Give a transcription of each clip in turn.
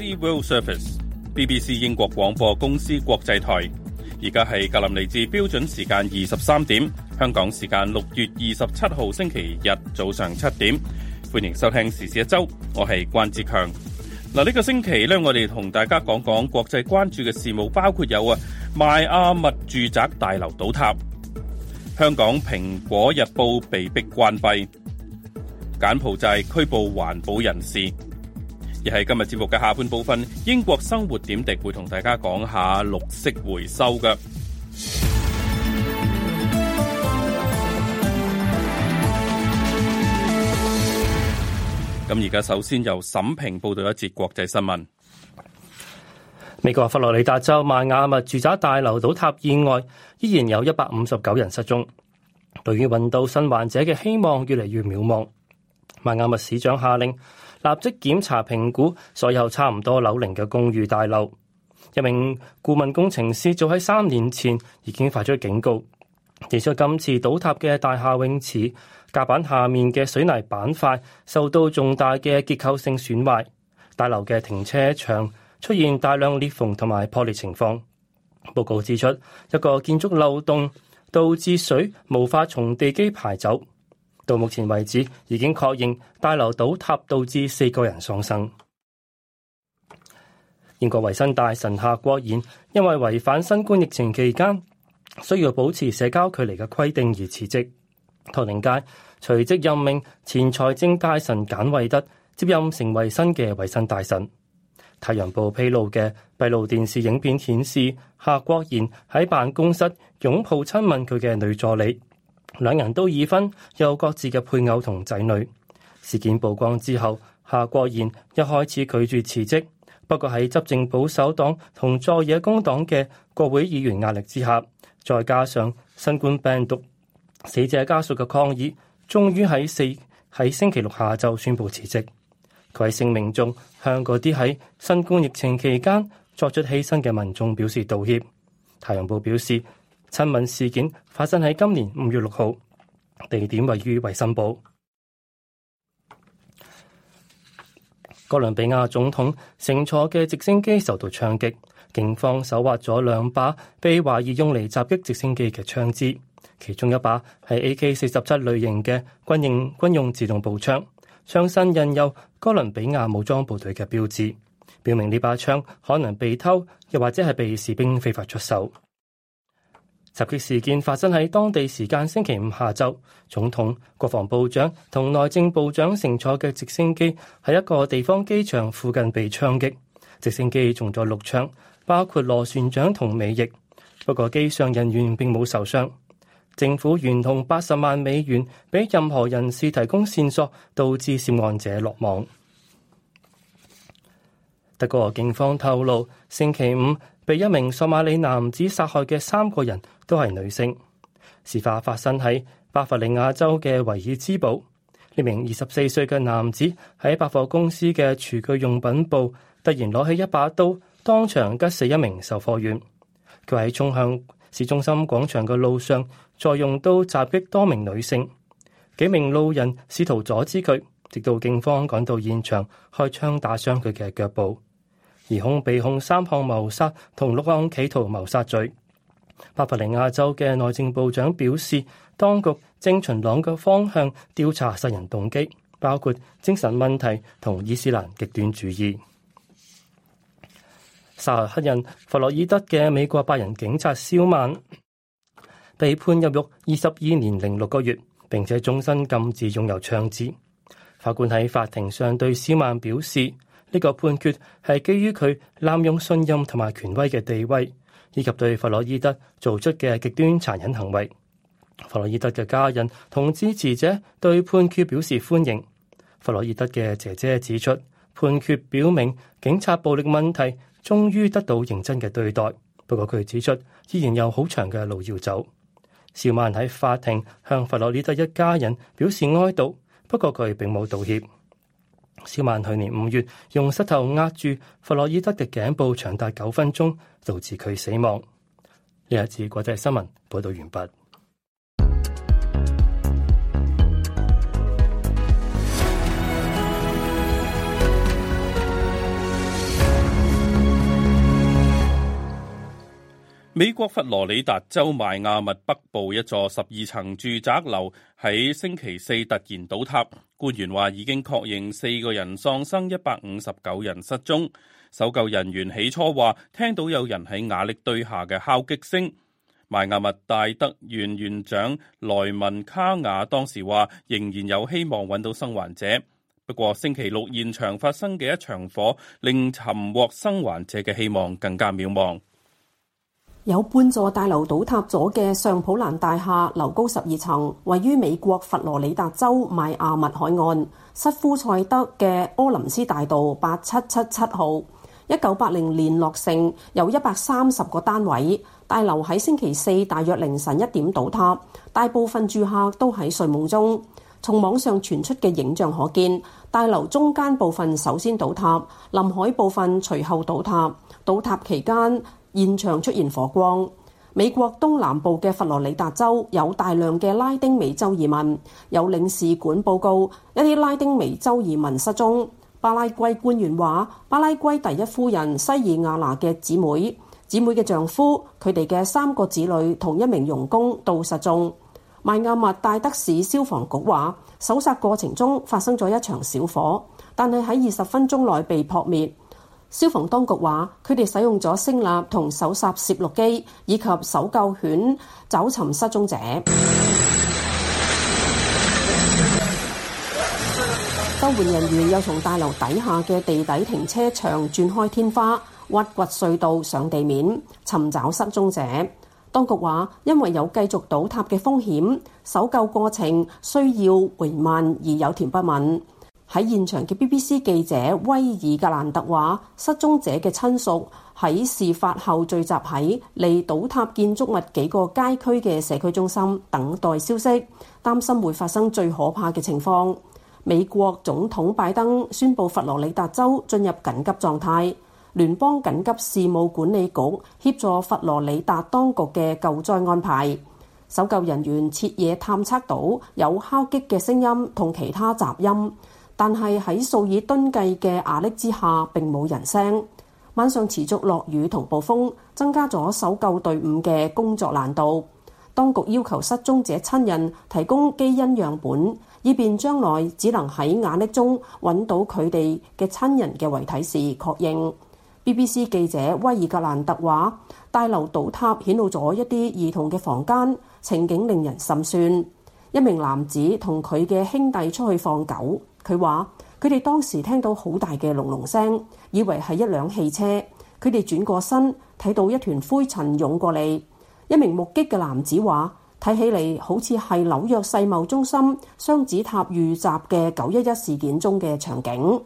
Service BBC 英國廣播公司國際台。而家係格林尼治標準時間二十三點，香港時間六月二十七號星期日早上七點。歡迎收聽時事一周，我係關志強。嗱，呢個星期咧，我哋同大家講講國際關注嘅事務，包括有啊，邁阿密住宅大樓倒塌，香港《蘋果日報》被迫關閉，柬埔寨拘捕環保人士。而係今日節目嘅下半部分，英國生活點滴會同大家講下綠色回收嘅。咁而家首先由沈平報道一節國際新聞。美國佛羅里達州邁阿密住宅大樓倒塌意外，依然有一百五十九人失蹤，對於尋到幸存者嘅希望越嚟越渺茫。邁阿密市長下令。立即檢查評估所有差唔多樓齡嘅公寓大樓。一名顧問工程師早喺三年前已經發出警告，而且今次倒塌嘅大廈泳池甲板下面嘅水泥板塊受到重大嘅結構性損壞，大樓嘅停車場出現大量裂縫同埋破裂情況。報告指出，一個建築漏洞導致水無法從地基排走。到目前為止，已經確認大樓倒塌導致四個人喪生。英國衞生大臣夏國賢因為違反新冠疫情期間需要保持社交距離嘅規定而辭職。唐寧街隨即任命前財政大臣簡惠德接任成為新嘅衞生大臣。《太陽報》披露嘅閉路電視影片顯示，夏國賢喺辦公室擁抱親吻佢嘅女助理。兩人都已婚，有各自嘅配偶同仔女。事件曝光之後，夏國賢一開始拒絕辭職，不過喺執政保守黨同在野工黨嘅國會議員壓力之下，再加上新冠病毒死者家屬嘅抗議，終於喺四喺星期六下晝宣布辭職。佢喺聲明中向嗰啲喺新冠疫情期間作出犧牲嘅民眾表示道歉。太陽報表示：親吻事件發生喺今年五月六號，地點位於維新堡。哥倫比亞總統乘坐嘅直升機受到槍擊，警方搜獲咗兩把被懷疑用嚟襲擊直升機嘅槍支，其中一把係 AK 四十七類型嘅軍用軍用自動步槍，槍身印有哥倫比亞武裝部隊嘅標誌，表明呢把槍可能被偷，又或者係被士兵非法出售。襲擊事件發生喺當地時間星期五下晝，總統、國防部長同內政部長乘坐嘅直升機喺一個地方機場附近被槍擊，直升機中咗六槍，包括螺旋槳同尾翼，不過機上人員並冇受傷。政府懸同八十萬美元俾任何人士提供線索，導致涉案者落網。德國警方透露，星期五被一名索馬里男子殺害嘅三個人都係女性。事發發生喺巴伐利亞州嘅維爾茨堡，呢名二十四歲嘅男子喺百貨公司嘅廚具用品部突然攞起一把刀，當場吉死一名售貨員。佢喺沖向市中心廣場嘅路上，再用刀襲擊多名女性。幾名路人試圖阻止佢，直到警方趕到現場開槍打傷佢嘅腳部。疑控被控三項謀殺同六項企圖謀殺罪。巴伐利亞州嘅內政部長表示，當局正循兩個方向調查殺人動機，包括精神問題同伊斯蘭極端主義。殺害黑人弗洛伊德嘅美國白人警察肖曼被判入獄二十二年零六個月，並且終身禁止擁有槍支。法官喺法庭上對肖曼表示，呢個判決係基於佢濫用信任同埋權威嘅地位。以及對弗洛伊德做出嘅極端殘忍行為，弗洛伊德嘅家人同支持者對判決表示歡迎。弗洛伊德嘅姐姐指出，判決表明警察暴力問題終於得到認真嘅對待。不過，佢指出依然有好長嘅路要走。邵曼喺法庭向弗洛伊德一家人表示哀悼，不過佢並冇道歉。邵曼去年五月用膝頭壓住弗洛伊德嘅頸部長達，長達九分鐘。導致佢死亡。呢一次國際新聞報道完畢。美國佛羅里達州邁阿密北部一座十二層住宅樓喺星期四突然倒塌，官員話已經確認四個人喪生，一百五十九人失蹤。搜救人員起初話聽到有人喺瓦礫堆下嘅敲擊聲。邁亞密大德縣縣長萊文卡亞當時話仍然有希望揾到生還者，不過星期六現場發生嘅一場火，令尋獲生還者嘅希望更加渺茫。有半座大樓倒塌咗嘅尚普蘭大廈，樓高十二層，位於美國佛羅里達州邁亞密海岸，失夫塞德嘅柯林斯大道八七七七號。一九八零年落成，有一百三十個單位。大樓喺星期四大約凌晨一點倒塌，大部分住客都喺睡夢中。從網上傳出嘅影像可見，大樓中間部分首先倒塌，臨海部分隨後倒塌。倒塌期間，現場出現火光。美國東南部嘅佛羅里達州有大量嘅拉丁美洲移民，有領事館報告一啲拉丁美洲移民失蹤。巴拉圭官員話：巴拉圭第一夫人西爾瓦娜嘅姊妹、姊妹嘅丈夫、佢哋嘅三個子女同一名傭工都失蹤。邁阿密戴德市消防局話：搜殺過程中發生咗一場小火，但係喺二十分鐘內被撲滅。消防當局話：佢哋使用咗聲納同搜殺攝錄機以及搜救犬搜尋失蹤者。救援人員又從大樓底下嘅地底停車場鑽開天花，挖掘隧道上地面尋找失蹤者。當局話，因為有繼續倒塌嘅風險，搜救過程需要緩慢而有條不紊。喺現場嘅 BBC 記者威爾格蘭特話，失蹤者嘅親屬喺事發後聚集喺離倒塌建築物幾個街區嘅社區中心等待消息，擔心會發生最可怕嘅情況。美國總統拜登宣布佛羅里達州進入緊急狀態，聯邦緊急事務管理局協助佛羅里達當局嘅救災安排。搜救人員徹夜探測到有敲擊嘅聲音同其他雜音，但係喺數以噸計嘅瓦礫之下，並冇人聲。晚上持續落雨同暴風，增加咗搜救隊伍嘅工作難度。當局要求失蹤者親人提供基因樣本。以便將來只能喺瓦礫中揾到佢哋嘅親人嘅遺體時確認。BBC 記者威爾格蘭特話：大樓倒塌顯露咗一啲兒童嘅房間，情景令人心酸。一名男子同佢嘅兄弟出去放狗，佢話：佢哋當時聽到好大嘅隆隆聲，以為係一輛汽車。佢哋轉過身睇到一團灰塵湧過嚟。一名目擊嘅男子話。睇起嚟好似係紐約世貿中心雙子塔遇襲嘅九一一事件中嘅場景。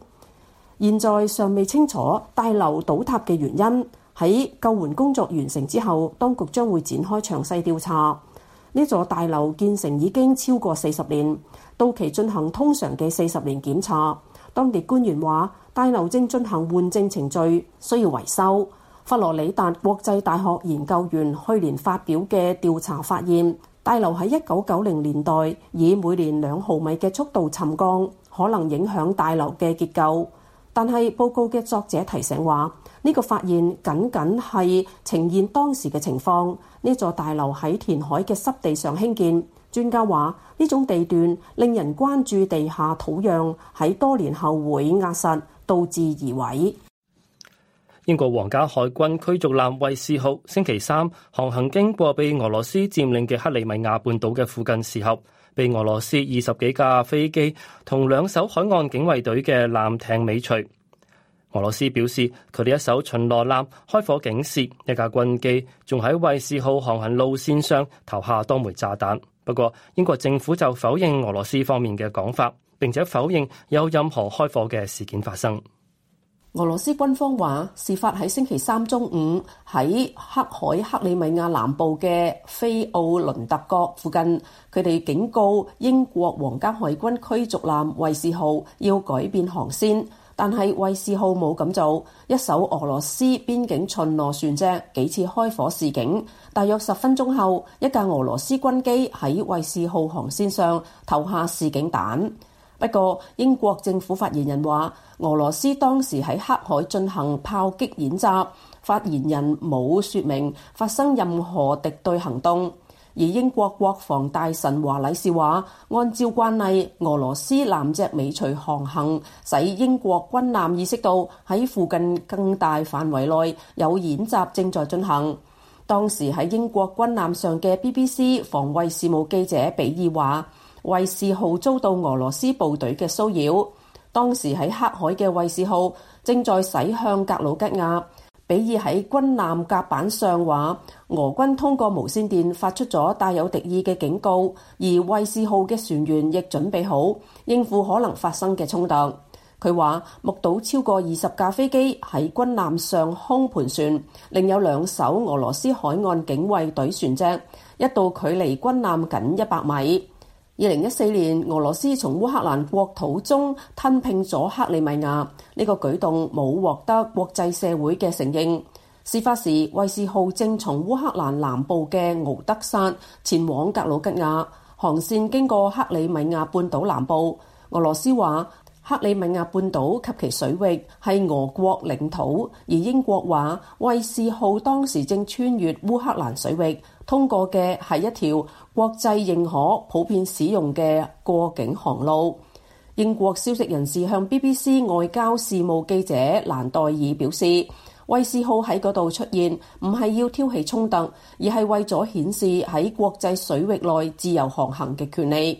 現在尚未清楚大樓倒塌嘅原因。喺救援工作完成之後，當局將會展開詳細調查。呢座大樓建成已經超過四十年，到期進行通常嘅四十年檢查。當地官員話，大樓正進行換證程序，需要維修。佛羅里達國際大學研究員去年發表嘅調查發現，大樓喺一九九零年代以每年兩毫米嘅速度沉降，可能影響大樓嘅結構。但係報告嘅作者提醒話，呢個發現僅僅係呈現當時嘅情況。呢座大樓喺填海嘅濕地上興建，專家話呢種地段令人關注地下土壤喺多年後會壓實，導致移位。英國皇家海軍驅逐艦衛士號星期三航行經過被俄羅斯佔領嘅克里米亞半島嘅附近時候，被俄羅斯二十幾架飛機同兩艘海岸警衛隊嘅艦艇尾隨。俄羅斯表示佢哋一艘巡邏艦開火警示，一架軍機仲喺衛士號航行路線上投下多枚炸彈。不過英國政府就否認俄羅斯方面嘅講法，並且否認有任何開火嘅事件發生。俄羅斯軍方話，事發喺星期三中午喺黑海克里米亞南部嘅菲奧倫特角附近，佢哋警告英國皇家海軍驅逐艦衛士號要改變航線，但係衛士號冇咁做，一艘俄羅斯邊境巡邏船隻幾次開火示警，大約十分鐘後，一架俄羅斯軍機喺衛士號航線上投下示警彈。不過，英國政府發言人話。俄羅斯當時喺黑海進行炮擊演習，發言人冇説明發生任何敵對行動。而英國國防大臣華禮士話，按照慣例，俄羅斯艦隻尾隨航行，使英國軍艦意識到喺附近更大範圍內有演習正在進行。當時喺英國軍艦上嘅 BBC 防衛事務記者比爾話，衛士號遭到俄羅斯部隊嘅騷擾。當時喺黑海嘅衛士號正在駛向格魯吉亞。比爾喺軍艦甲板上話，俄軍通過無線電發出咗帶有敵意嘅警告，而衛士號嘅船員亦準備好應付可能發生嘅衝突。佢話目睹超過二十架飛機喺軍艦上空盤旋，另有兩艘俄羅斯海岸警衛隊船隻一度距離軍艦僅一百米。二零一四年，俄羅斯從烏克蘭國土中吞併咗克里米亞，呢個舉動冇獲得國際社會嘅承認。事發時，衛士號正從烏克蘭南部嘅敖德薩前往格魯吉亞，航線經過克里米亞半島南部。俄羅斯話，克里米亞半島及其水域係俄國領土，而英國話，衛士號當時正穿越烏克蘭水域，通過嘅係一條國際認可、普遍使用嘅過境航路。英國消息人士向 BBC 外交事務記者蘭黛爾表示，衛士號喺嗰度出現，唔係要挑起衝突，而係為咗顯示喺國際水域內自由航行嘅權利。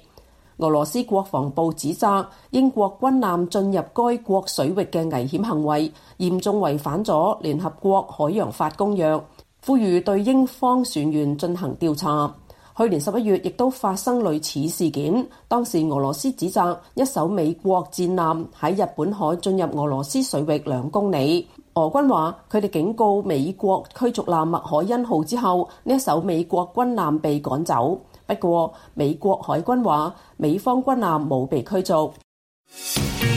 俄羅斯國防部指責英國軍艦進入該國水域嘅危險行為，嚴重違反咗聯合國海洋法公約，呼籲對英方船員進行調查。去年十一月亦都發生類似事件，當時俄羅斯指責一艘美國戰艦喺日本海進入俄羅斯水域兩公里。俄軍話佢哋警告美國驅逐艦麥凱恩號之後，呢一艘美國軍艦被趕走。不過，美國海軍話，美方軍艦冇被驅逐。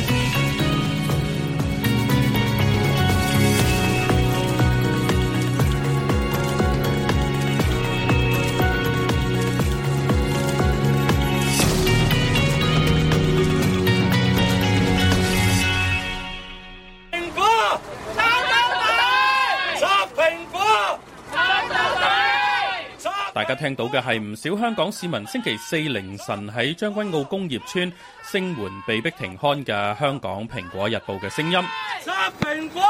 大家聽到嘅係唔少香港市民星期四凌晨喺將軍澳工業村聲援被迫停刊嘅香港《蘋果日報》嘅聲音。殺蘋果，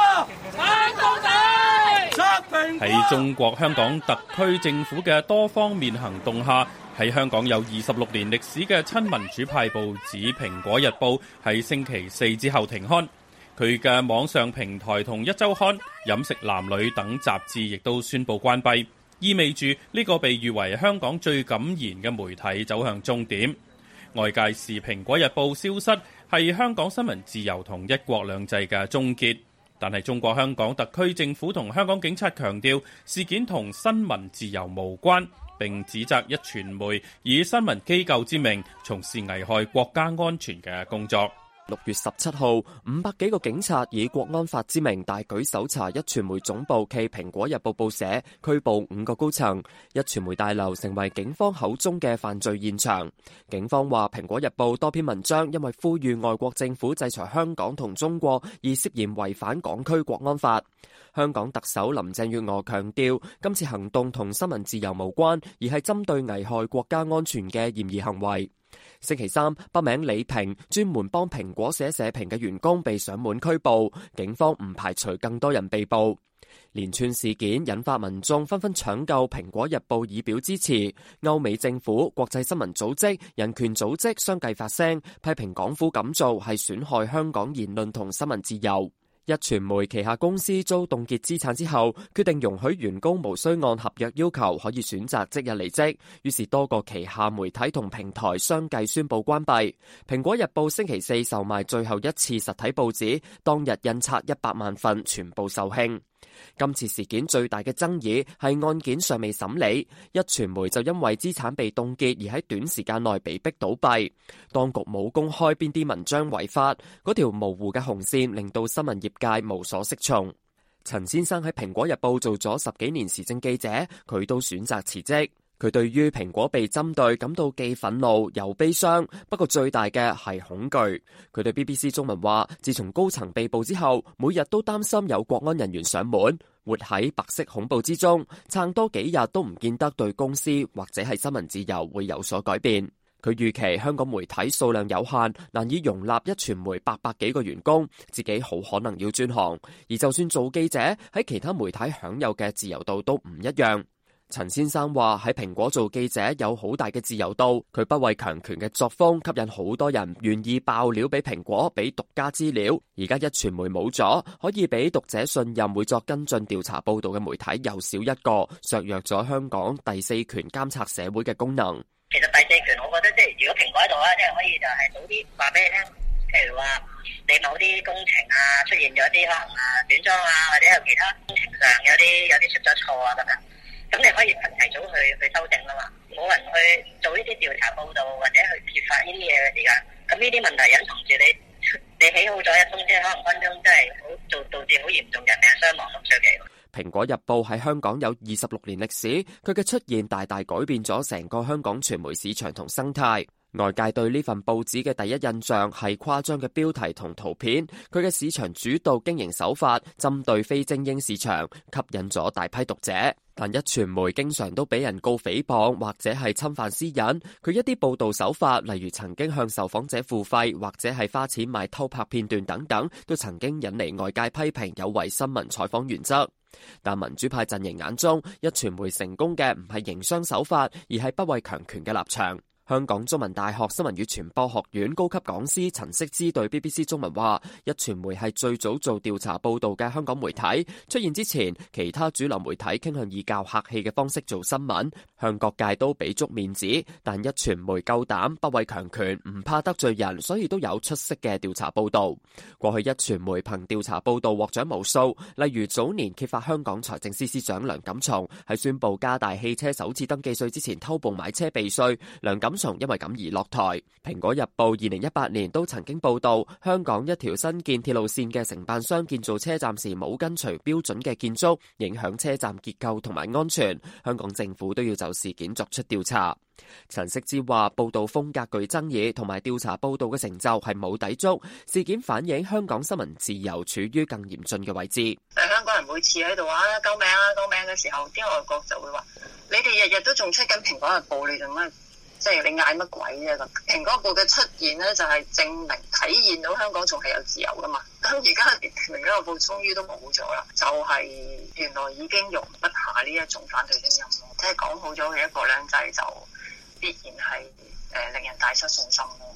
打到底！殺蘋果。喺中國香港特區政府嘅多方面行動下，喺香港有二十六年歷史嘅親民主派報紙《蘋果日報》喺星期四之後停刊，佢嘅網上平台同壹週刊《飲食男女》等雜誌亦都宣布關閉。意味住呢、這個被譽為香港最敢言嘅媒體走向終點，外界視《蘋果日報》消失係香港新聞自由同一國兩制嘅終結，但係中國香港特區政府同香港警察強調事件同新聞自由無關，並指責壹傳媒以新聞機構之名從事危害國家安全嘅工作。六月十七號，五百幾個警察以國安法之名大舉搜查一傳媒總部暨蘋果日報報社，拘捕五個高層。一傳媒大樓成為警方口中嘅犯罪現場。警方話，蘋果日報多篇文章因為呼籲外國政府制裁香港同中國，而涉嫌違反港區國安法。香港特首林鄭月娥強調，今次行動同新聞自由無關，而係針對危害國家安全嘅嫌疑行為。星期三，筆名李平專門幫蘋果寫社評嘅員工被上門拘捕，警方唔排除更多人被捕。連串事件引發民眾紛紛搶救蘋果日報以表支持，歐美政府、國際新聞組織、人權組織相繼發聲，批評港府咁做係損害香港言論同新聞自由。一傳媒旗下公司遭凍結資產之後，決定容許員工無需按合約要求，可以選擇即日離職。於是多個旗下媒體同平台相繼宣佈關閉。蘋果日報星期四售賣最後一次實體報紙，當日印刷一百萬份，全部售罄。今次事件最大嘅爭議係案件尚未審理，一傳媒就因為資產被凍結而喺短時間內被逼倒閉。當局冇公開邊啲文章違法，嗰條模糊嘅紅線令到新聞業界無所適從。陳先生喺蘋果日報做咗十幾年時政記者，佢都選擇辭職。佢對於蘋果被針對感到既憤怒又悲傷，不過最大嘅係恐懼。佢對 BBC 中文話：自從高層被捕之後，每日都擔心有國安人員上門，活喺白色恐怖之中，撐多幾日都唔見得對公司或者係新聞自由會有所改變。佢預期香港媒體數量有限，難以容納壹傳媒八百幾個員工，自己好可能要轉行。而就算做記者，喺其他媒體享有嘅自由度都唔一樣。陳先生話喺蘋果做記者有好大嘅自由度，佢不畏強權嘅作風吸引好多人願意爆料俾蘋果，俾獨家資料。而家一傳媒冇咗，可以俾讀者信任會作跟進調查報道嘅媒體又少一個，削弱咗香港第四權監察社會嘅功能。其實第四權，我覺得即係如果蘋果喺度咧，即係可以就係早啲話俾你聽，譬如話你某啲工程啊出現咗啲可能啊短裝啊，或者有其他工程上有啲有啲出咗錯啊咁樣。咁你可以群提早去去修正啦嘛，冇人去做呢啲調查報道或者去揭發呢啲嘢嘅時間，咁呢啲問題隱藏住你，你起好咗一宗先，可能分宗真係好造導致好嚴重嘅命傷亡衰嚟。蘋果日報喺香港有二十六年歷史，佢嘅出現大大改變咗成個香港傳媒市場同生態。外界對呢份報紙嘅第一印象係誇張嘅標題同圖片，佢嘅市場主導經營手法針對非精英市場，吸引咗大批讀者。但壹傳媒經常都俾人告誹謗或者係侵犯私隱，佢一啲報道手法，例如曾經向受訪者付費或者係花錢買偷拍片段等等，都曾經引嚟外界批評有違新聞採訪原則。但民主派陣營眼中，壹傳媒成功嘅唔係營商手法，而係不畏強權嘅立場。香港中文大學新聞與傳播學院高級講師陳識之對 BBC 中文話：一傳媒係最早做調查報道嘅香港媒體。出現之前，其他主流媒體傾向以較客氣嘅方式做新聞，向各界都俾足面子。但一傳媒夠膽不畏強權，唔怕得罪人，所以都有出色嘅調查報道。過去一傳媒憑調查報道獲獎無數，例如早年揭發香港財政司司長梁錦松喺宣布加大汽車首次登記稅之前偷步買車避稅，梁錦。從因為咁而落台，《蘋果日報》二零一八年都曾經報道香港一條新建鐵路線嘅承辦商建造車站時冇跟隨標準嘅建築，影響車站結構同埋安全。香港政府都要就事件作出調查。陳色之話報道風格具爭議，同埋調查報道嘅成就係冇抵觸。事件反映香港新聞自由處於更嚴峻嘅位置。誒，香港人每次喺度話救命啊，救命嘅時候，啲外國就會話：你哋日日都仲出緊《蘋果日報》你，你做咩？」即係你嗌乜鬼啫？蘋果報嘅出現咧，就係證明體現到香港仲係有自由噶嘛。咁而家連蘋果報終於都冇咗啦，就係、是、原來已經容不下呢一種反對聲音咯。即係講好咗嘅一個兩制，就必然係誒令人大失信心咯。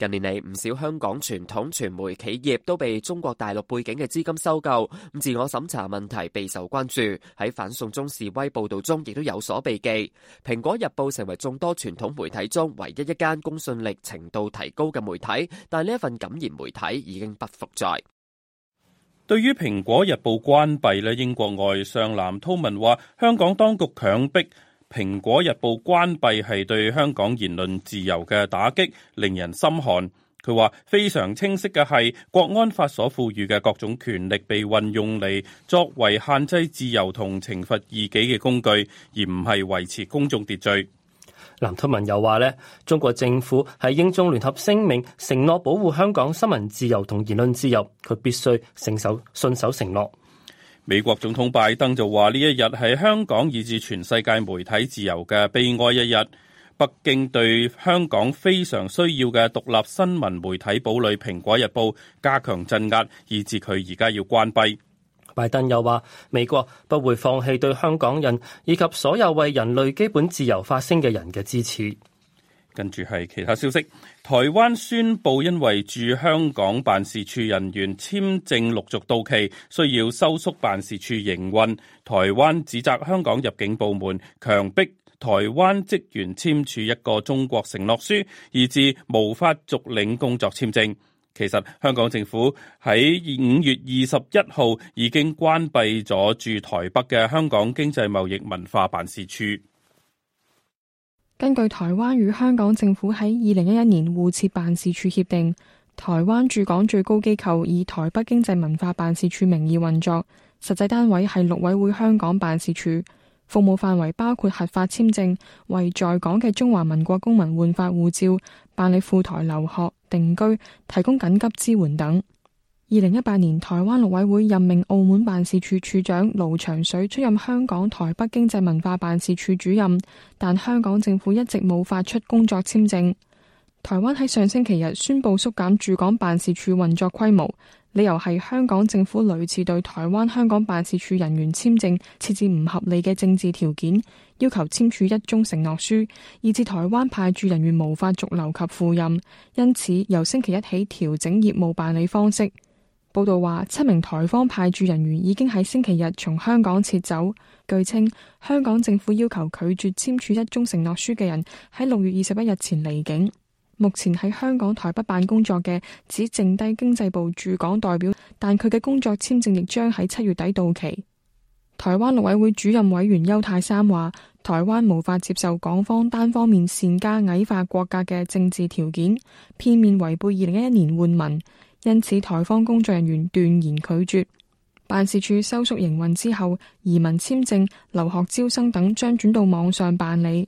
近年嚟，唔少香港傳統傳媒企業都被中國大陸背景嘅資金收購，自我審查問題備受關注。喺反送中示威報道中，亦都有所避忌。蘋果日報成為眾多傳統媒體中唯一一間公信力程度提高嘅媒體，但呢一份敢言媒體已經不復在。對於蘋果日報關閉咧，英國外相藍韜文話：香港當局強迫。《蘋果日報》關閉係對香港言論自由嘅打擊，令人心寒。佢話非常清晰嘅係國安法所賦予嘅各種權力被運用嚟作為限制自由同懲罰異己嘅工具，而唔係維持公眾秩序。藍韜文又話呢，中國政府喺英中聯合聲明承諾保護香港新聞自由同言論自由，佢必須信守信守承諾。美國總統拜登就話呢一日係香港以至全世界媒體自由嘅悲哀一日。北京對香港非常需要嘅獨立新聞媒體堡壘《蘋果日報》加強鎮壓，以致佢而家要關閉。拜登又話美國不會放棄對香港人以及所有為人類基本自由發聲嘅人嘅支持。跟住係其他消息，台灣宣布，因為駐香港辦事處人員簽證陸續到期，需要收縮辦事處營運。台灣指責香港入境部門強逼台灣職員簽署一個中國承諾書，以致無法續領工作簽證。其實香港政府喺五月二十一號已經關閉咗駐台北嘅香港經濟貿易文化辦事處。根據台灣與香港政府喺二零一一年互設辦事處協定，台灣駐港最高機構以台北經濟文化辦事處名義運作，實際單位係陸委會香港辦事處，服務範圍包括核發簽證、為在港嘅中華民國公民換發護照、辦理赴台留學、定居、提供緊急支援等。二零一八年，台灣陸委會任命澳門辦事處處長盧長水出任香港台北經濟文化辦事處主任，但香港政府一直冇發出工作簽證。台灣喺上星期日宣布縮減駐港辦事處運作規模，理由係香港政府屢次對台灣香港辦事處人員簽證設置唔合理嘅政治條件，要求簽署一宗承諾書，以致台灣派駐人員無法續留及赴任，因此由星期一起調整業務辦理方式。報道話，七名台方派駐人員已經喺星期日從香港撤走。據稱，香港政府要求拒絕簽署一宗承諾書嘅人喺六月二十一日前離境。目前喺香港台北辦工作嘅只剩低經濟部駐港代表，但佢嘅工作簽證亦將喺七月底到期。台灣陸委會主任委員邱太三話，台灣無法接受港方單方面擅加矮化國家嘅政治條件，片面違背二零一一年換文。因此，台方工作人員斷言拒絕。辦事處收縮營運之後，移民簽證、留學招生等將轉到網上辦理。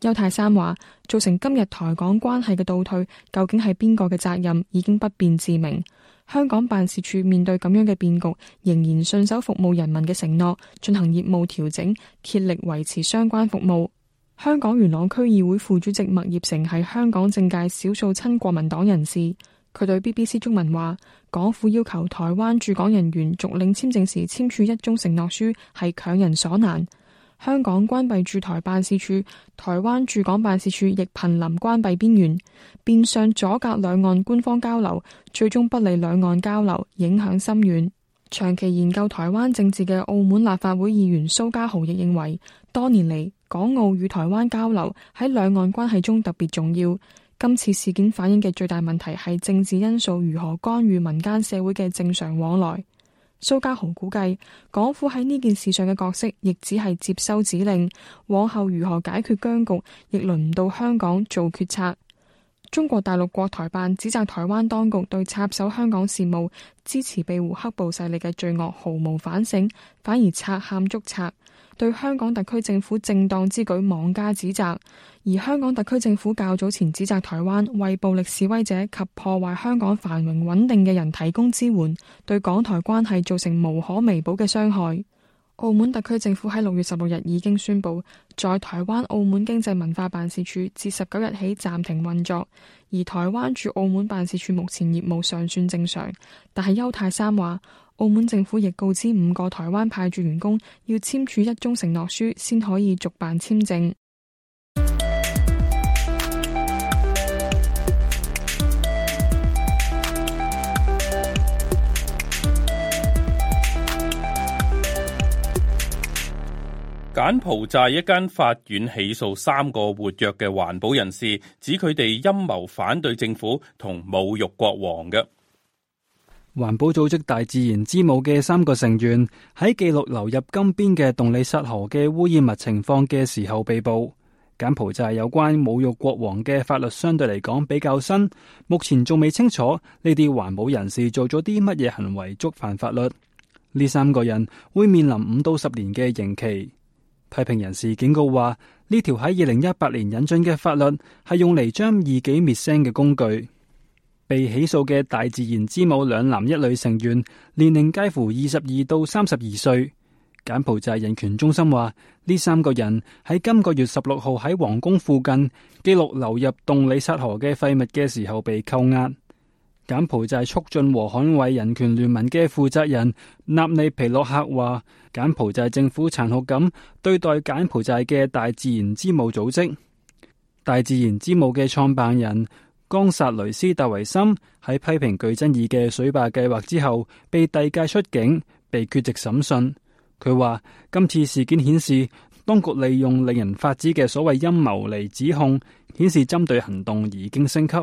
邱太三話：造成今日台港關係嘅倒退，究竟係邊個嘅責任，已經不辯自明。香港辦事處面對咁樣嘅變局，仍然信守服務人民嘅承諾，進行業務調整，竭力維持相關服務。香港元朗區議會副主席麥業成係香港政界少數親國民黨人士。佢對 BBC 中文話：港府要求台灣駐港人員續領簽證時簽署一宗承諾書係強人所難。香港關閉駐台辦事處，台灣駐港辦事處亦瀕臨關閉邊緣，變相阻隔兩岸官方交流，最終不利兩岸交流，影響深遠。長期研究台灣政治嘅澳門立法會議員蘇家豪亦認為，多年嚟港澳與台灣交流喺兩岸關係中特別重要。今次事件反映嘅最大問題係政治因素如何干預民間社會嘅正常往來。蘇家豪估計，港府喺呢件事上嘅角色亦只係接收指令，往後如何解決僵局，亦輪唔到香港做決策。中國大陸國台辦指責台灣當局對插手香港事務、支持庇護黑暴勢力嘅罪惡毫無反省，反而賊喊捉賊。對香港特區政府正當之舉妄加指責，而香港特區政府較早前指責台灣為暴力示威者及破壞香港繁榮穩定嘅人提供支援，對港台關係造成無可彌補嘅傷害。澳門特區政府喺六月十六日已經宣布，在台灣澳門經濟文化辦事處自十九日起暫停運作，而台灣駐澳門辦事處目前業務尚算正常，但係邱太三話。澳門政府亦告知五個台灣派駐員工，要簽署一宗承諾書，先可以續辦簽證。柬埔寨一間法院起訴三個活躍嘅環保人士，指佢哋陰謀反對政府同侮辱國王嘅。環保組織大自然之母嘅三個成員喺記錄流入金邊嘅洞里薩河嘅污染物情況嘅時候被捕。柬埔寨有關侮辱國王嘅法律相對嚟講比較新，目前仲未清楚呢啲環保人士做咗啲乜嘢行為觸犯法律。呢三個人會面臨五到十年嘅刑期。批評人士警告話，呢條喺二零一八年引進嘅法律係用嚟將異己滅聲嘅工具。被起訴嘅大自然之母兩男一女成員，年齡介乎二十二到三十二歲。柬埔寨人權中心話，呢三個人喺今個月十六號喺皇宮附近記錄流入洞里薩河嘅廢物嘅時候被扣押。柬埔寨促進和捍衛人權聯盟嘅負責人納尼皮洛克話：柬埔寨政府殘酷咁對待柬埔寨嘅大自然之母組織。大自然之母嘅創辦人。岡薩雷斯特維森喺批評具爭議嘅水壩計劃之後，被遞解出境，被缺席審訊。佢話今次事件顯示，當局利用令人髮指嘅所謂陰謀嚟指控，顯示針對行動已經升級。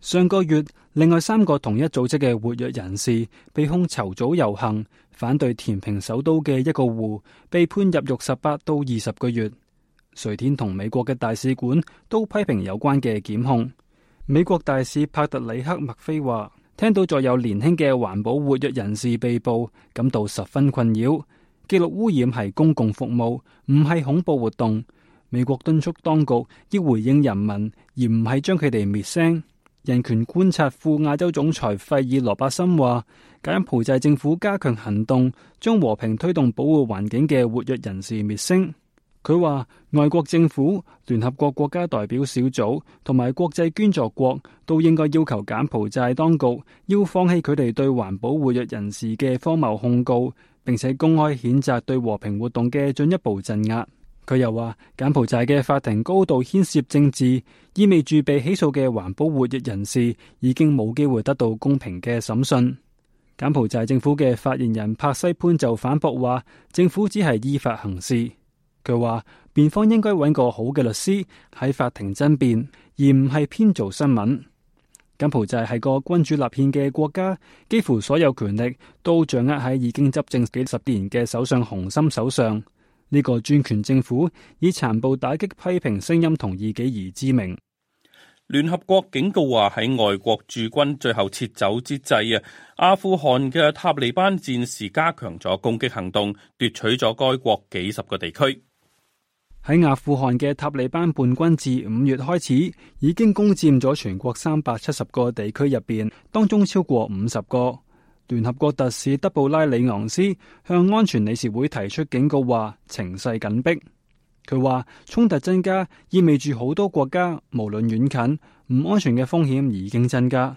上個月，另外三個同一組織嘅活躍人士被控籌組遊行，反對填平首都嘅一個湖，被判入獄十八到二十個月。瑞典同美國嘅大使館都批評有關嘅檢控。美國大使帕特里克麥菲話：聽到再有年輕嘅環保活躍人士被捕，感到十分困擾。記錄污染係公共服務，唔係恐怖活動。美國敦促當局要回應人民，而唔係將佢哋滅聲。人權觀察副亞洲總裁費爾羅伯森話：柬埔寨政府加強行動，將和平推動保護環境嘅活躍人士滅聲。佢話外國政府、聯合國國家代表小組同埋國際捐助國都應該要求柬埔寨當局要放棄佢哋對環保活躍人士嘅荒謬控告，並且公開譴責對和平活動嘅進一步鎮壓。佢又話柬埔寨嘅法庭高度牽涉政治，意味住被起訴嘅環保活躍人士已經冇機會得到公平嘅審訊。柬埔寨政府嘅發言人帕西潘就反駁話，政府只係依法行事。佢話辯方應該揾個好嘅律師喺法庭爭辯，而唔係編造新聞。柬埔寨係個君主立憲嘅國家，幾乎所有權力都掌握喺已經執政幾十年嘅首相洪森手上。呢、這個專權政府以殘暴打擊批評聲音同異己而知名。聯合國警告話喺外國駐軍最後撤走之際啊，阿富汗嘅塔利班戰士加強咗攻擊行動，奪取咗該國幾十個地區。喺阿富汗嘅塔利班叛軍自五月開始，已經攻佔咗全國三百七十個地區入邊，當中超過五十個。聯合國特使德布拉里昂斯向安全理事會提出警告，話情勢緊迫。佢話，衝突增加意味住好多國家，無論遠近，唔安全嘅風險已經增加。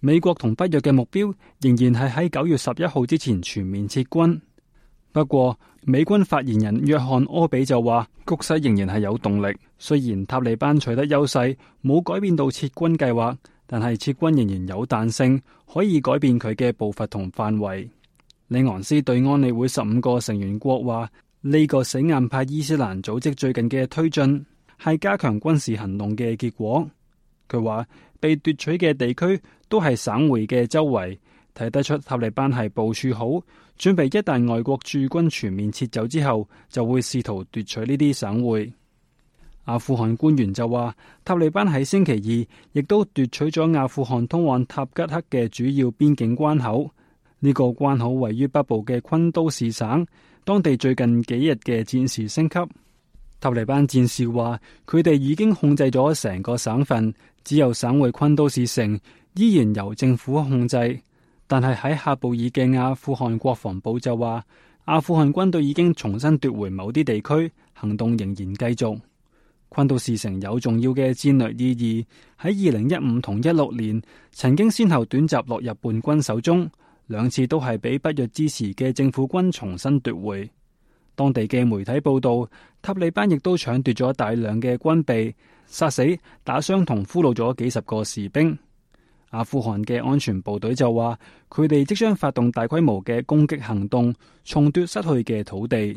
美國同北約嘅目標仍然係喺九月十一號之前全面撤軍。不過美軍發言人約翰·柯比就話，局勢仍然係有動力，雖然塔利班取得優勢，冇改變到撤軍計劃，但係撤軍仍然有彈性，可以改變佢嘅步伐同範圍。李昂斯對安理會十五個成員國話，呢個死硬派伊斯蘭組織最近嘅推進係加強軍事行動嘅結果。佢話被奪取嘅地區都係省會嘅周圍，睇得出塔利班係部署好，準備一旦外國駐軍全面撤走之後，就會試圖奪取呢啲省會。阿富汗官員就話，塔利班喺星期二亦都奪取咗阿富汗通往塔吉克嘅主要邊境關口。呢個關口位於北部嘅昆都市省，當地最近幾日嘅戰事升級。塔利班戰士話，佢哋已經控制咗成個省份，只有省會昆都市城依然由政府控制。但係喺喀布爾嘅阿富汗國防部就話，阿富汗軍隊已經重新奪回某啲地區，行動仍然繼續。昆杜士城有重要嘅戰略意義，喺二零一五同一六年，曾經先後短暫落入叛軍手中，兩次都係俾北約支持嘅政府軍重新奪回。當地嘅媒體報道，塔利班亦都搶奪咗大量嘅軍備，殺死、打傷同俘虜咗幾十個士兵。阿富汗嘅安全部隊就話，佢哋即將發動大規模嘅攻擊行動，重奪失去嘅土地。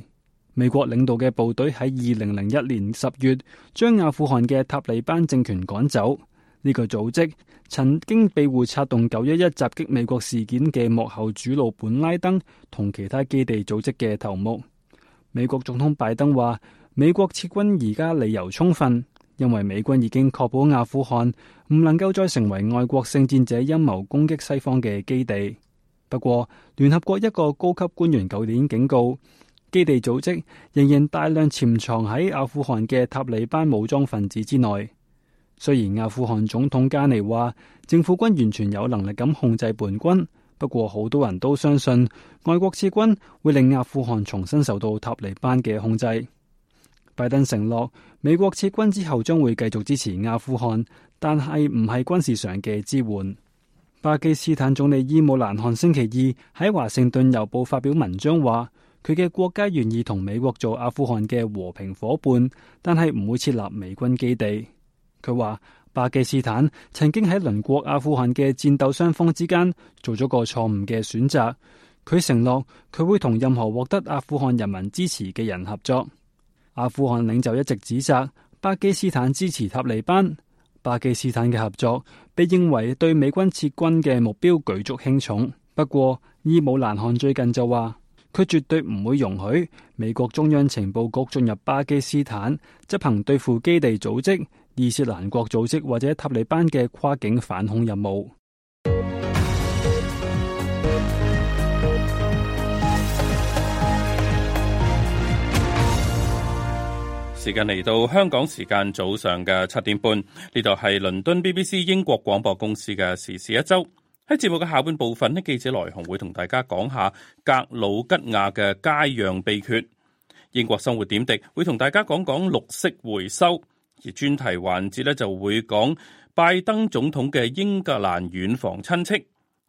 美國領導嘅部隊喺二零零一年十月，將阿富汗嘅塔利班政權趕走。呢個組織曾經庇護策動九一一襲擊美國事件嘅幕後主腦本拉登同其他基地組織嘅頭目。美國總統拜登話，美國撤軍而家理由充分。因為美軍已經確保阿富汗唔能夠再成為外國聖戰者陰謀攻擊西方嘅基地。不過，聯合國一個高級官員舊年警告，基地組織仍然大量潛藏喺阿富汗嘅塔利班武裝分子之內。雖然阿富汗總統加尼話，政府軍完全有能力咁控制叛軍，不過好多人都相信外國撤軍會令阿富汗重新受到塔利班嘅控制。拜登承諾。美國撤軍之後將會繼續支持阿富汗，但係唔係軍事上嘅支援。巴基斯坦總理伊姆蘭汗星期二喺華盛頓郵報發表文章話，佢嘅國家願意同美國做阿富汗嘅和平伙伴，但係唔會設立美軍基地。佢話巴基斯坦曾經喺鄰國阿富汗嘅戰鬥雙方之間做咗個錯誤嘅選擇。佢承諾佢會同任何獲得阿富汗人民支持嘅人合作。阿富汗領袖一直指責巴基斯坦支持塔利班，巴基斯坦嘅合作被認為對美軍撤軍嘅目標舉足輕重。不過，伊姆蘭汗最近就話，佢絕對唔會容許美國中央情報局進入巴基斯坦執行對付基地組織、伊斯蘭國組織或者塔利班嘅跨境反恐任務。時間嚟到香港時間早上嘅七點半，呢度係倫敦 BBC 英國廣播公司嘅時事一周。喺節目嘅下半部分，呢記者來鴻會同大家講下格魯吉亞嘅佳釀秘訣。英國生活點滴會同大家講講綠色回收，而專題環節咧就會講拜登總統嘅英格蘭遠房親戚。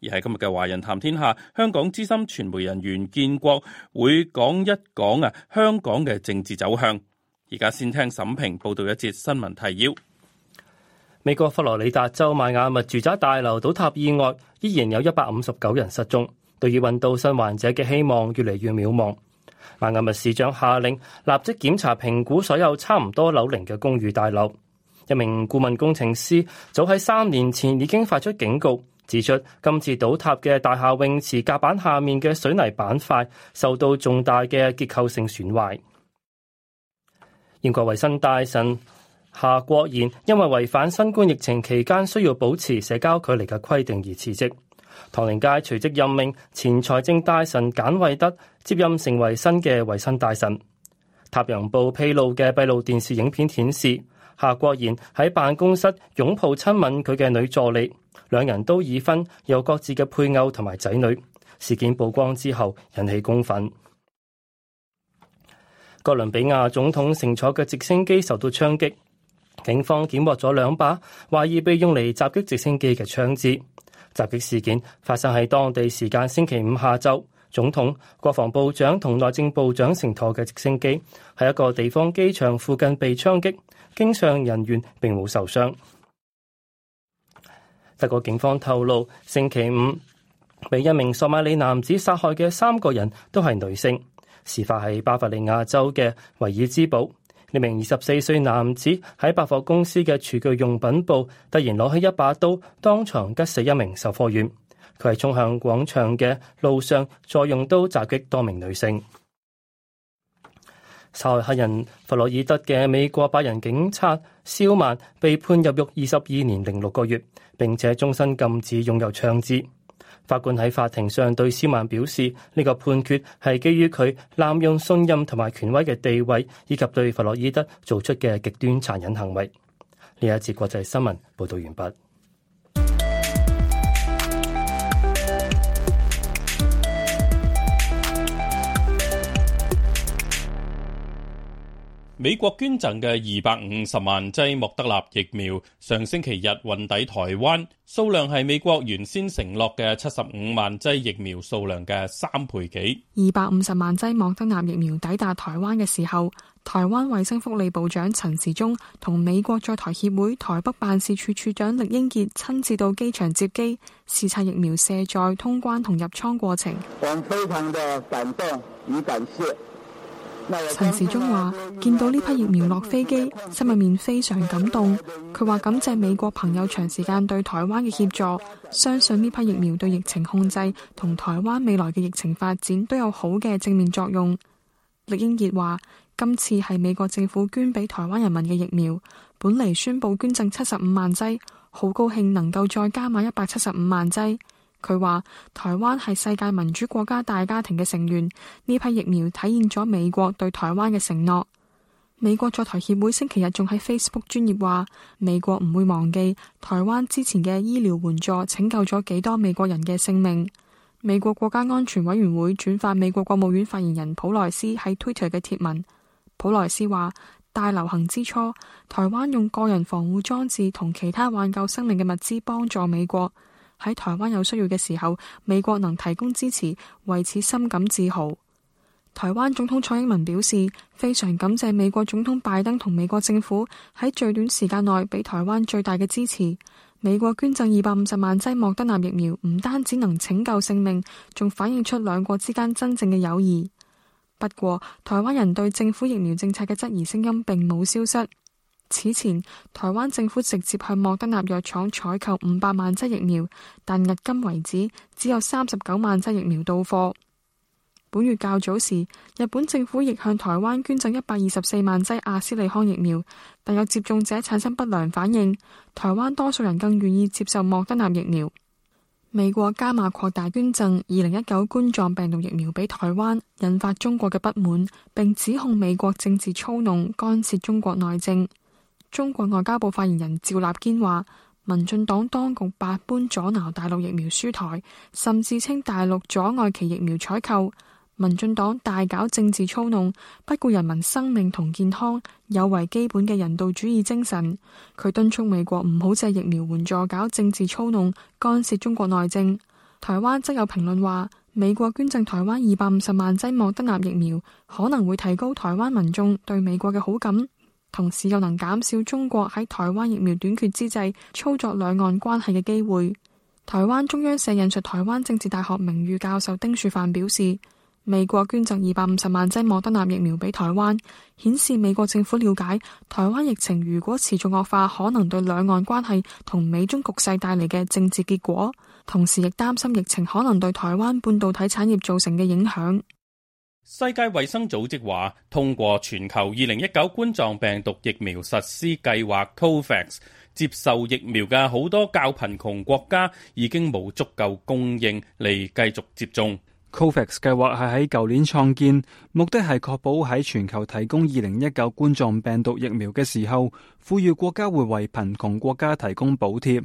而喺今日嘅華人談天下，香港資深傳媒人員建國會講一講啊香港嘅政治走向。而家先聽沈平報道一節新聞提要。美國佛羅里達州邁阿密住宅大樓倒塌意外，依然有一百五十九人失蹤，對於揾到生還者嘅希望越嚟越渺茫。邁阿密市長下令立即檢查評估所有差唔多樓齡嘅公寓大樓。一名顧問工程師早喺三年前已經發出警告，指出今次倒塌嘅大廈泳池甲板下面嘅水泥板塊受到重大嘅結構性損壞。英國衛生大臣夏國賢因為違反新冠疫情期間需要保持社交距離嘅規定而辭職，唐寧街隨即任命前財政大臣簡惠德接任成為新嘅衛生大臣。《太陽報》披露嘅閉路電視影片顯示，夏國賢喺辦公室擁抱親吻佢嘅女助理，兩人都已婚，有各自嘅配偶同埋仔女。事件曝光之後，引起公憤。哥倫比亞總統乘坐嘅直升機受到槍擊，警方檢獲咗兩把懷疑被用嚟襲擊直升機嘅槍支。襲擊事件發生喺當地時間星期五下晝，總統、國防部長同內政部長乘坐嘅直升機喺一個地方機場附近被槍擊，經上人員並冇受傷。德國警方透露，星期五被一名索馬里男子殺害嘅三個人都係女性。事發喺巴伐利亞州嘅維爾茨堡，呢名二十四歲男子喺百貨公司嘅廚具用品部突然攞起一把刀，當場吉死一名售貨員。佢係衝向廣場嘅路上，再用刀襲擊多名女性。殺害人弗洛伊德嘅美國白人警察肖曼被判入獄二十二年零六個月，並且終身禁止擁有槍支。法官喺法庭上對斯曼表示：呢個判決係基於佢濫用信任同埋權威嘅地位，以及對弗洛伊德做出嘅極端殘忍行為。呢一節國際新聞報道完畢。美國捐贈嘅二百五十萬劑莫德納疫苗，上星期日運抵台灣，數量係美國原先承諾嘅七十五萬劑疫苗數量嘅三倍幾。二百五十萬劑莫德納疫苗抵達台灣嘅時候，台灣衛生福利部長陳時中同美國在台協會台北辦事處處長酈英傑親自到機場接機，視察疫苗卸載、通關同入倉過程。我非常的感動與感謝。陳時中話，見到呢批疫苗落飛機，心入面非常感動。佢話感謝美國朋友長時間對台灣嘅協助，相信呢批疫苗對疫情控制同台灣未來嘅疫情發展都有好嘅正面作用。酈英傑話，今次係美國政府捐俾台灣人民嘅疫苗，本嚟宣布捐贈七十五萬劑，好高興能夠再加碼一百七十五萬劑。佢話台灣係世界民主國家大家庭嘅成員，呢批疫苗體現咗美國對台灣嘅承諾。美國在台協會星期日仲喺 Facebook 專頁話，美國唔會忘記台灣之前嘅醫療援助拯救咗幾多美國人嘅性命。美國國家安全委員會轉發美國國務院發言人普萊斯喺 Twitter 嘅貼文，普萊斯話大流行之初，台灣用個人防護裝置同其他挽救生命嘅物資幫助美國。喺台灣有需要嘅時候，美國能提供支持，為此深感自豪。台灣總統蔡英文表示，非常感謝美國總統拜登同美國政府喺最短時間內俾台灣最大嘅支持。美國捐贈二百五十萬劑莫德納疫苗，唔單只能拯救性命，仲反映出兩國之間真正嘅友誼。不過，台灣人對政府疫苗政策嘅質疑聲音並冇消失。此前，台灣政府直接向莫德納藥廠採購五百萬劑疫苗，但迄今為止只有三十九萬劑疫苗到貨。本月較早時，日本政府亦向台灣捐贈一百二十四萬劑阿斯利康疫苗，但有接種者產生不良反應。台灣多數人更願意接受莫德納疫苗。美國加碼擴大捐贈二零一九冠狀病毒疫苗俾台灣，引發中國嘅不滿，並指控美國政治操弄干涉中國內政。中國外交部發言人趙立堅話，民進黨當局百般阻撓大陸疫苗輸台，甚至稱大陸阻礙其疫苗採購。民進黨大搞政治操弄，不顧人民生命同健康，有違基本嘅人道主義精神。佢敦促美國唔好借疫苗援助搞政治操弄，干涉中國內政。台灣則有評論話，美國捐贈台灣二百五十萬劑莫德納疫苗，可能會提高台灣民眾對美國嘅好感。同時又能減少中國喺台灣疫苗短缺之際操作兩岸關係嘅機會。台灣中央社引述台灣政治大學名譽教授丁樹範表示，美國捐贈二百五十萬劑莫德納疫苗俾台灣，顯示美國政府了解台灣疫情如果持續惡化，可能對兩岸關係同美中局勢帶嚟嘅政治結果，同時亦擔心疫情可能對台灣半導體產業造成嘅影響。世界衛生組織話，通過全球二零一九冠狀病毒疫苗實施計劃 （COVAX），接受疫苗嘅好多較貧窮國家已經冇足夠供應嚟繼續接種。COVAX 計劃係喺舊年創建，目的係確保喺全球提供二零一九冠狀病毒疫苗嘅時候，富裕國家會為貧窮國家提供補貼。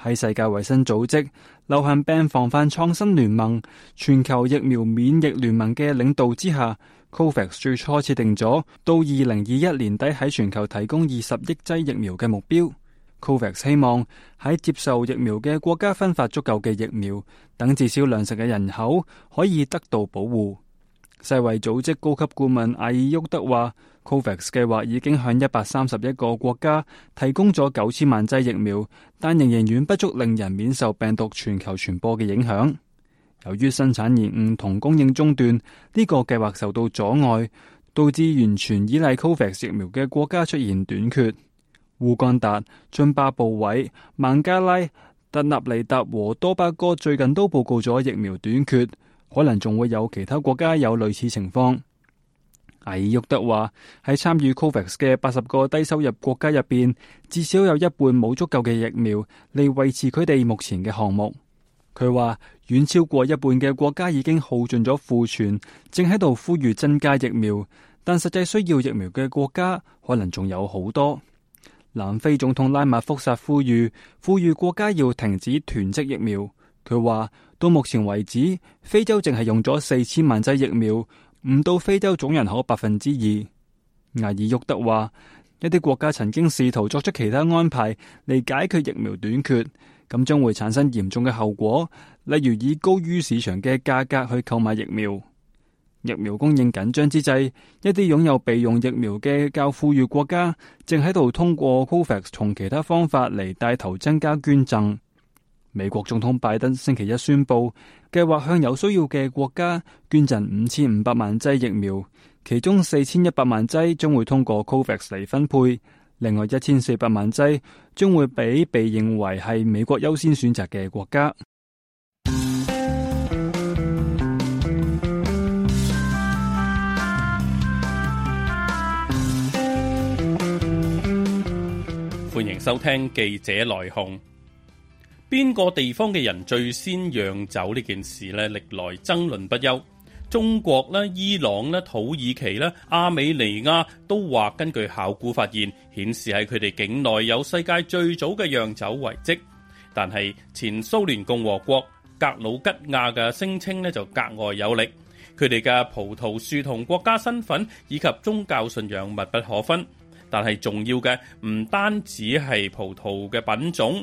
喺世界衛生組織，流行病防範創新聯盟、全球疫苗免疫聯盟嘅領導之下，COVAX 最初設定咗到二零二一年底喺全球提供二十億劑疫苗嘅目標。COVAX 希望喺接受疫苗嘅國家分發足夠嘅疫苗，等至少兩成嘅人口可以得到保護。世衛組織高級顧問艾爾沃德話。COVAX 計劃已經向一百三十一個國家提供咗九千萬劑疫苗，但仍然遠不足令人免受病毒全球傳播嘅影響。由於生產延誤同供應中斷，呢個計劃受到阻礙，導致完全依賴 COVAX 疫苗嘅國家出現短缺。烏干達、津巴布韋、孟加拉、特納尼達和多巴哥最近都報告咗疫苗短缺，可能仲會有其他國家有類似情況。米沃德話：喺參與 COVAX 嘅八十個低收入國家入邊，至少有一半冇足夠嘅疫苗嚟維持佢哋目前嘅項目。佢話遠超過一半嘅國家已經耗盡咗庫存，正喺度呼籲增加疫苗，但實際需要疫苗嘅國家可能仲有好多。南非總統拉馬福薩呼籲，呼籲國家要停止囤積疫苗。佢話到目前為止，非洲淨係用咗四千萬劑疫苗。唔到非洲總人口百分之二。艾爾沃德話：一啲國家曾經試圖作出其他安排嚟解決疫苗短缺，咁將會產生嚴重嘅後果，例如以高於市場嘅價格去購買疫苗。疫苗供應緊張之際，一啲擁有備用疫苗嘅較富裕國家正喺度通過 COVAX 從其他方法嚟帶頭增加捐贈。美國總統拜登星期一宣佈，計劃向有需要嘅國家捐贈五千五百萬劑疫苗，其中四千一百萬劑將會通過 Covax 嚟分配，另外一千四百萬劑將會俾被，被認為係美國優先選擇嘅國家。歡迎收聽記者來鴻。邊個地方嘅人最先釀酒呢件事呢？歷來爭論不休。中國咧、伊朗咧、土耳其咧、阿美尼亞都話，根據考古發現，顯示喺佢哋境內有世界最早嘅釀酒遺跡。但係前蘇聯共和國格魯吉亞嘅聲稱呢，就格外有力。佢哋嘅葡萄樹同國家身份以及宗教信仰密不可分。但係重要嘅唔單止係葡萄嘅品種。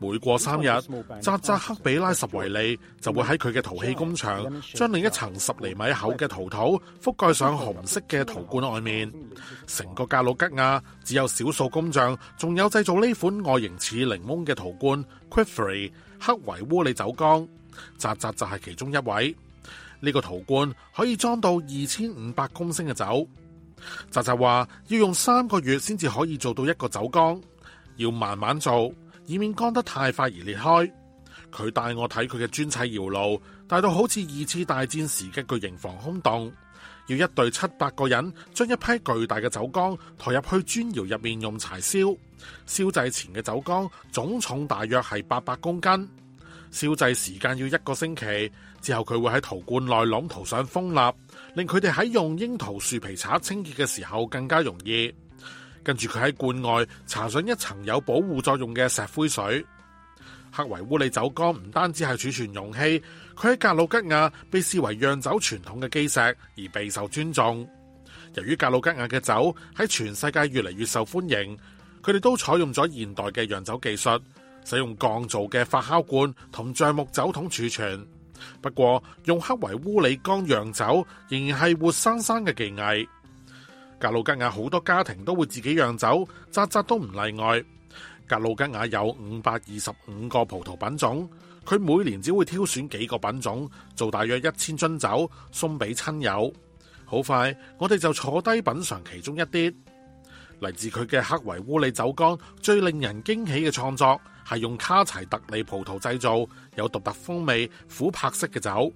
每過三日，扎扎克比拉什維利就會喺佢嘅陶器工場，將另一層十厘米厚嘅陶土覆蓋上紅色嘅陶罐外面。成個格魯吉亞只有少數工匠仲有製造呢款外形似檸檬嘅陶罐。Quiffery 克維烏利酒缸，扎扎就係其中一位。呢個陶罐可以裝到二千五百公升嘅酒。扎扎話要用三個月先至可以做到一個酒缸，要慢慢做。以免乾得太快而裂開，佢帶我睇佢嘅磚砌窯爐，大到好似二次大戰時嘅巨型防空洞，要一隊七八個人將一批巨大嘅酒缸抬入去磚窯入面用柴燒。燒製前嘅酒缸總重大約係八百公斤，燒製時間要一個星期。之後佢會喺陶罐內攬塗上蜂蠟，令佢哋喺用櫻桃樹皮刷清潔嘅時候更加容易。跟住佢喺罐外搽上一層有保護作用嘅石灰水。克維烏里酒缸唔單止係儲存容器，佢喺格魯吉亞被視為釀酒傳統嘅基石而備受尊重。由於格魯吉亞嘅酒喺全世界越嚟越受歡迎，佢哋都採用咗現代嘅釀酒技術，使用鋼造嘅發酵罐同橡木酒桶儲存。不過，用克維烏里缸釀酒仍然係活生生嘅技藝。格魯吉亞好多家庭都會自己釀酒，扎扎都唔例外。格魯吉亞有五百二十五個葡萄品種，佢每年只會挑選幾個品種，做大約一千樽酒送俾親友。好快，我哋就坐低品嘗其中一啲，嚟自佢嘅克維烏利酒缸，最令人驚喜嘅創作，係用卡齊特利葡萄製造，有獨特風味、琥珀色嘅酒。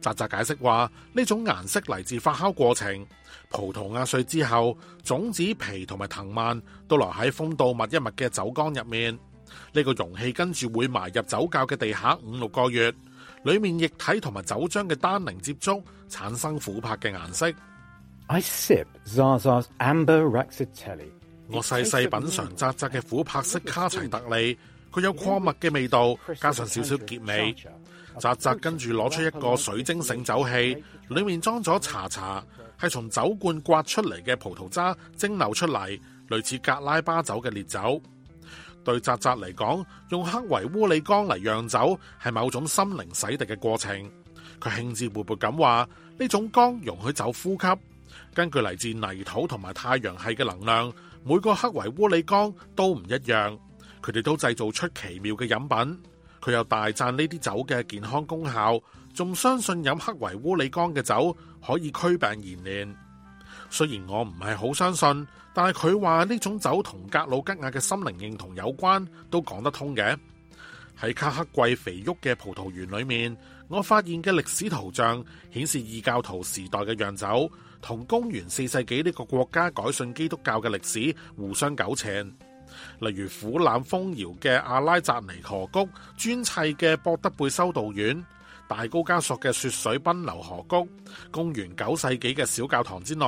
扎扎解釋話：呢種顏色嚟自發酵過程。葡萄壓碎之後，種子皮同埋藤蔓都留喺封到密一密嘅酒缸入面。呢、這個容器跟住會埋入酒窖嘅地下五六個月，裏面液體同埋酒漿嘅單寧接觸，產生琥珀嘅顏色。I sip Zaza's Amber Raxitelli 我細細品嘗扎扎嘅琥珀色卡齊特利，佢有礦物嘅味道，加上少少澀味。扎扎跟住攞出一個水晶醒酒器，裏面裝咗茶茶，係從酒罐刮出嚟嘅葡萄渣蒸餾出嚟，類似格拉巴酒嘅烈酒。對扎扎嚟講，用黑維烏里缸嚟釀酒係某種心靈洗滌嘅過程。佢興致勃勃咁話：呢種缸容許酒呼吸，根據嚟自泥土同埋太陽系嘅能量，每個黑維烏里缸都唔一樣，佢哋都製造出奇妙嘅飲品。佢又大讚呢啲酒嘅健康功效，仲相信飲黑維烏里江嘅酒可以驅病延年。雖然我唔係好相信，但係佢話呢種酒同格魯吉亞嘅心靈認同有關，都講得通嘅。喺卡克貴肥沃嘅葡萄園裏面，我發現嘅歷史圖像顯示異教徒時代嘅釀酒，同公元四世紀呢個國家改信基督教嘅歷史互相糾纏。例如苦冷豐饒嘅阿拉扎尼河谷，專砌嘅博德貝修道院，大高加索嘅雪水奔流河谷，公元九世紀嘅小教堂之內，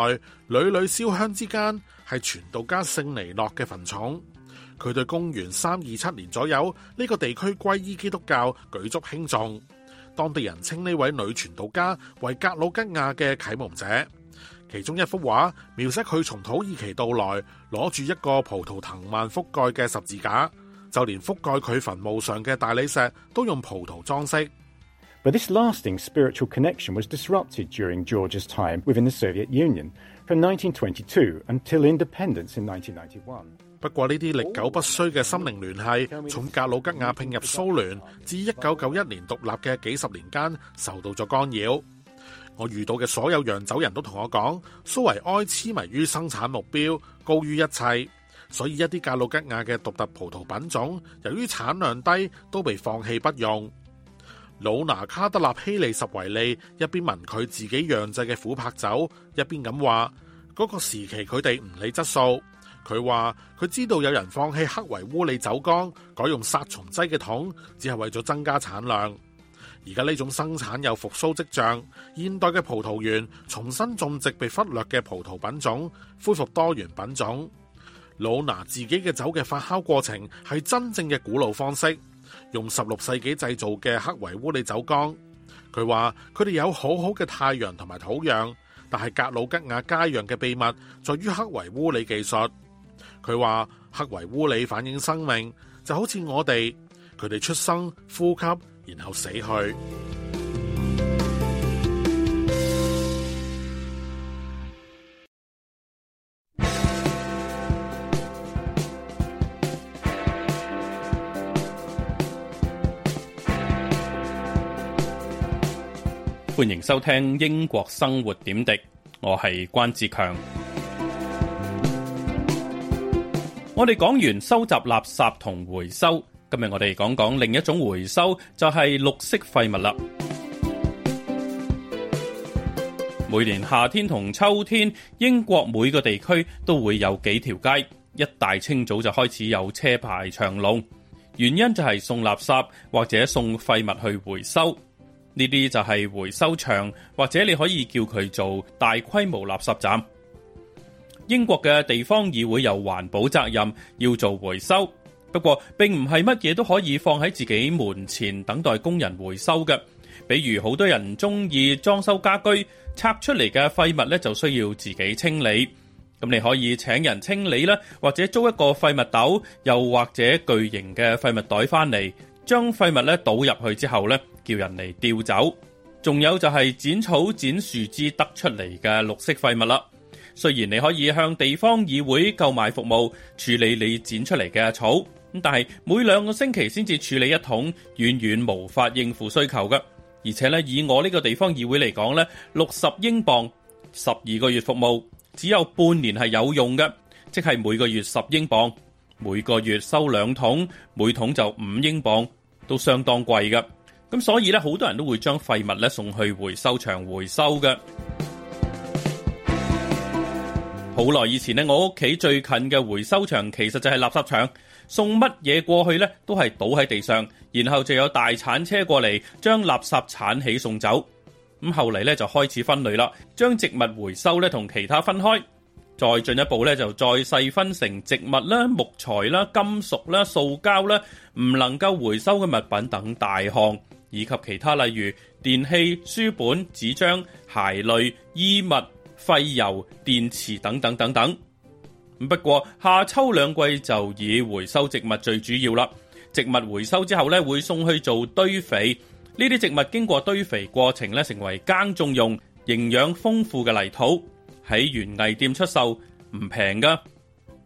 屢屢燒香之間，係傳道家聖尼諾嘅墳冢。佢對公元三二七年左右呢個地區皈依基督教舉足輕重，當地人稱呢位女傳道家為格魯吉亞嘅啟蒙者。其中一幅畫描寫佢從土耳其到來，攞住一個葡萄藤蔓覆蓋嘅十字架，就連覆蓋佢墳墓上嘅大理石都用葡萄裝飾。But this lasting spiritual connection was disrupted during Georgia's time within the Soviet Union, from 1922 until independence in 1991. 不過呢啲歷久不衰嘅心靈聯繫，從格魯吉亞並入蘇聯至一九九一年獨立嘅幾十年間，受到咗干擾。我遇到嘅所有釀酒人都同我講，蘇維埃痴迷於生產目標高於一切，所以一啲格魯吉亞嘅獨特葡萄品種，由於產量低，都被放棄不用。老拿卡德納希利什維利一邊聞佢自己釀製嘅琥珀酒，一邊咁話：嗰、那個時期佢哋唔理質素。佢話佢知道有人放棄克維烏里酒缸，改用殺蟲劑嘅桶，只係為咗增加產量。而家呢種生產有復蘇跡象，現代嘅葡萄園重新種植被忽略嘅葡萄品種，恢復多元品種。老拿自己嘅酒嘅發酵過程係真正嘅古老方式，用十六世紀製造嘅克維烏里酒缸。佢話佢哋有好好嘅太陽同埋土壤，但係格魯吉亞佳釀嘅秘密在於克維烏里技術。佢話克維烏里反映生命就好似我哋，佢哋出生、呼吸，然後死去。歡迎收聽《英國生活點滴》，我係關志強。 我哋講完收集垃圾同回收。今日我哋講講另一種回收就係綠色廢物啦。每年夏天同秋天，英國每個地區都會有幾條街一大清早就開始有車排長龍，原因就係送垃圾或者送廢物去回收。呢啲就係回收場，或者你可以叫佢做大規模垃圾站。英國嘅地方議會有環保責任要做回收。不過並唔係乜嘢都可以放喺自己門前等待工人回收嘅，比如好多人中意裝修家居拆出嚟嘅廢物咧，就需要自己清理。咁你可以請人清理啦，或者租一個廢物斗，又或者巨型嘅廢物袋翻嚟，將廢物咧倒入去之後咧，叫人嚟調走。仲有就係剪草剪樹枝得出嚟嘅綠色廢物啦。雖然你可以向地方議會購買服務處理你剪出嚟嘅草。但係每兩個星期先至處理一桶，遠遠無法應付需求嘅。而且咧，以我呢個地方議會嚟講咧，六十英鎊，十二個月服務，只有半年係有用嘅，即係每個月十英鎊，每個月收兩桶，每桶就五英鎊，都相當貴嘅。咁所以咧，好多人都會將廢物咧送去回收場回收嘅。好耐以前呢，我屋企最近嘅回收場其實就係垃圾場。送乜嘢過去呢？都係倒喺地上，然後就有大鏟車過嚟將垃圾鏟起送走。咁後嚟咧就開始分類啦，將植物回收咧同其他分開，再進一步咧就再細分成植物啦、木材啦、金屬啦、塑膠啦，唔能夠回收嘅物品等大項，以及其他例如電器、書本、紙張、鞋類、衣物、廢油、電池等等等等。不過夏秋兩季就以回收植物最主要啦。植物回收之後呢，會送去做堆肥。呢啲植物經過堆肥過程呢，成為耕種用、營養豐富嘅泥土，喺園藝店出售唔平㗎。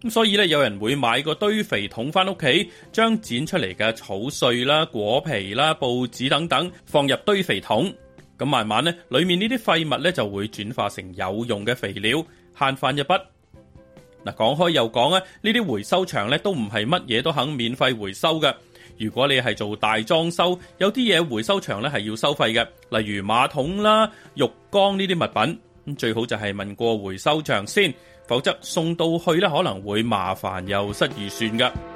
咁所以呢，有人會買個堆肥桶返屋企，將剪出嚟嘅草碎啦、果皮啦、報紙等等放入堆肥桶。咁慢慢呢，裡面呢啲廢物呢，就會轉化成有用嘅肥料，慳返一筆。嗱，講開又講咧，呢啲回收場咧都唔係乜嘢都肯免費回收嘅。如果你係做大裝修，有啲嘢回收場咧係要收費嘅，例如馬桶啦、浴缸呢啲物品。咁最好就係問過回收場先，否則送到去咧可能會麻煩又失預算噶。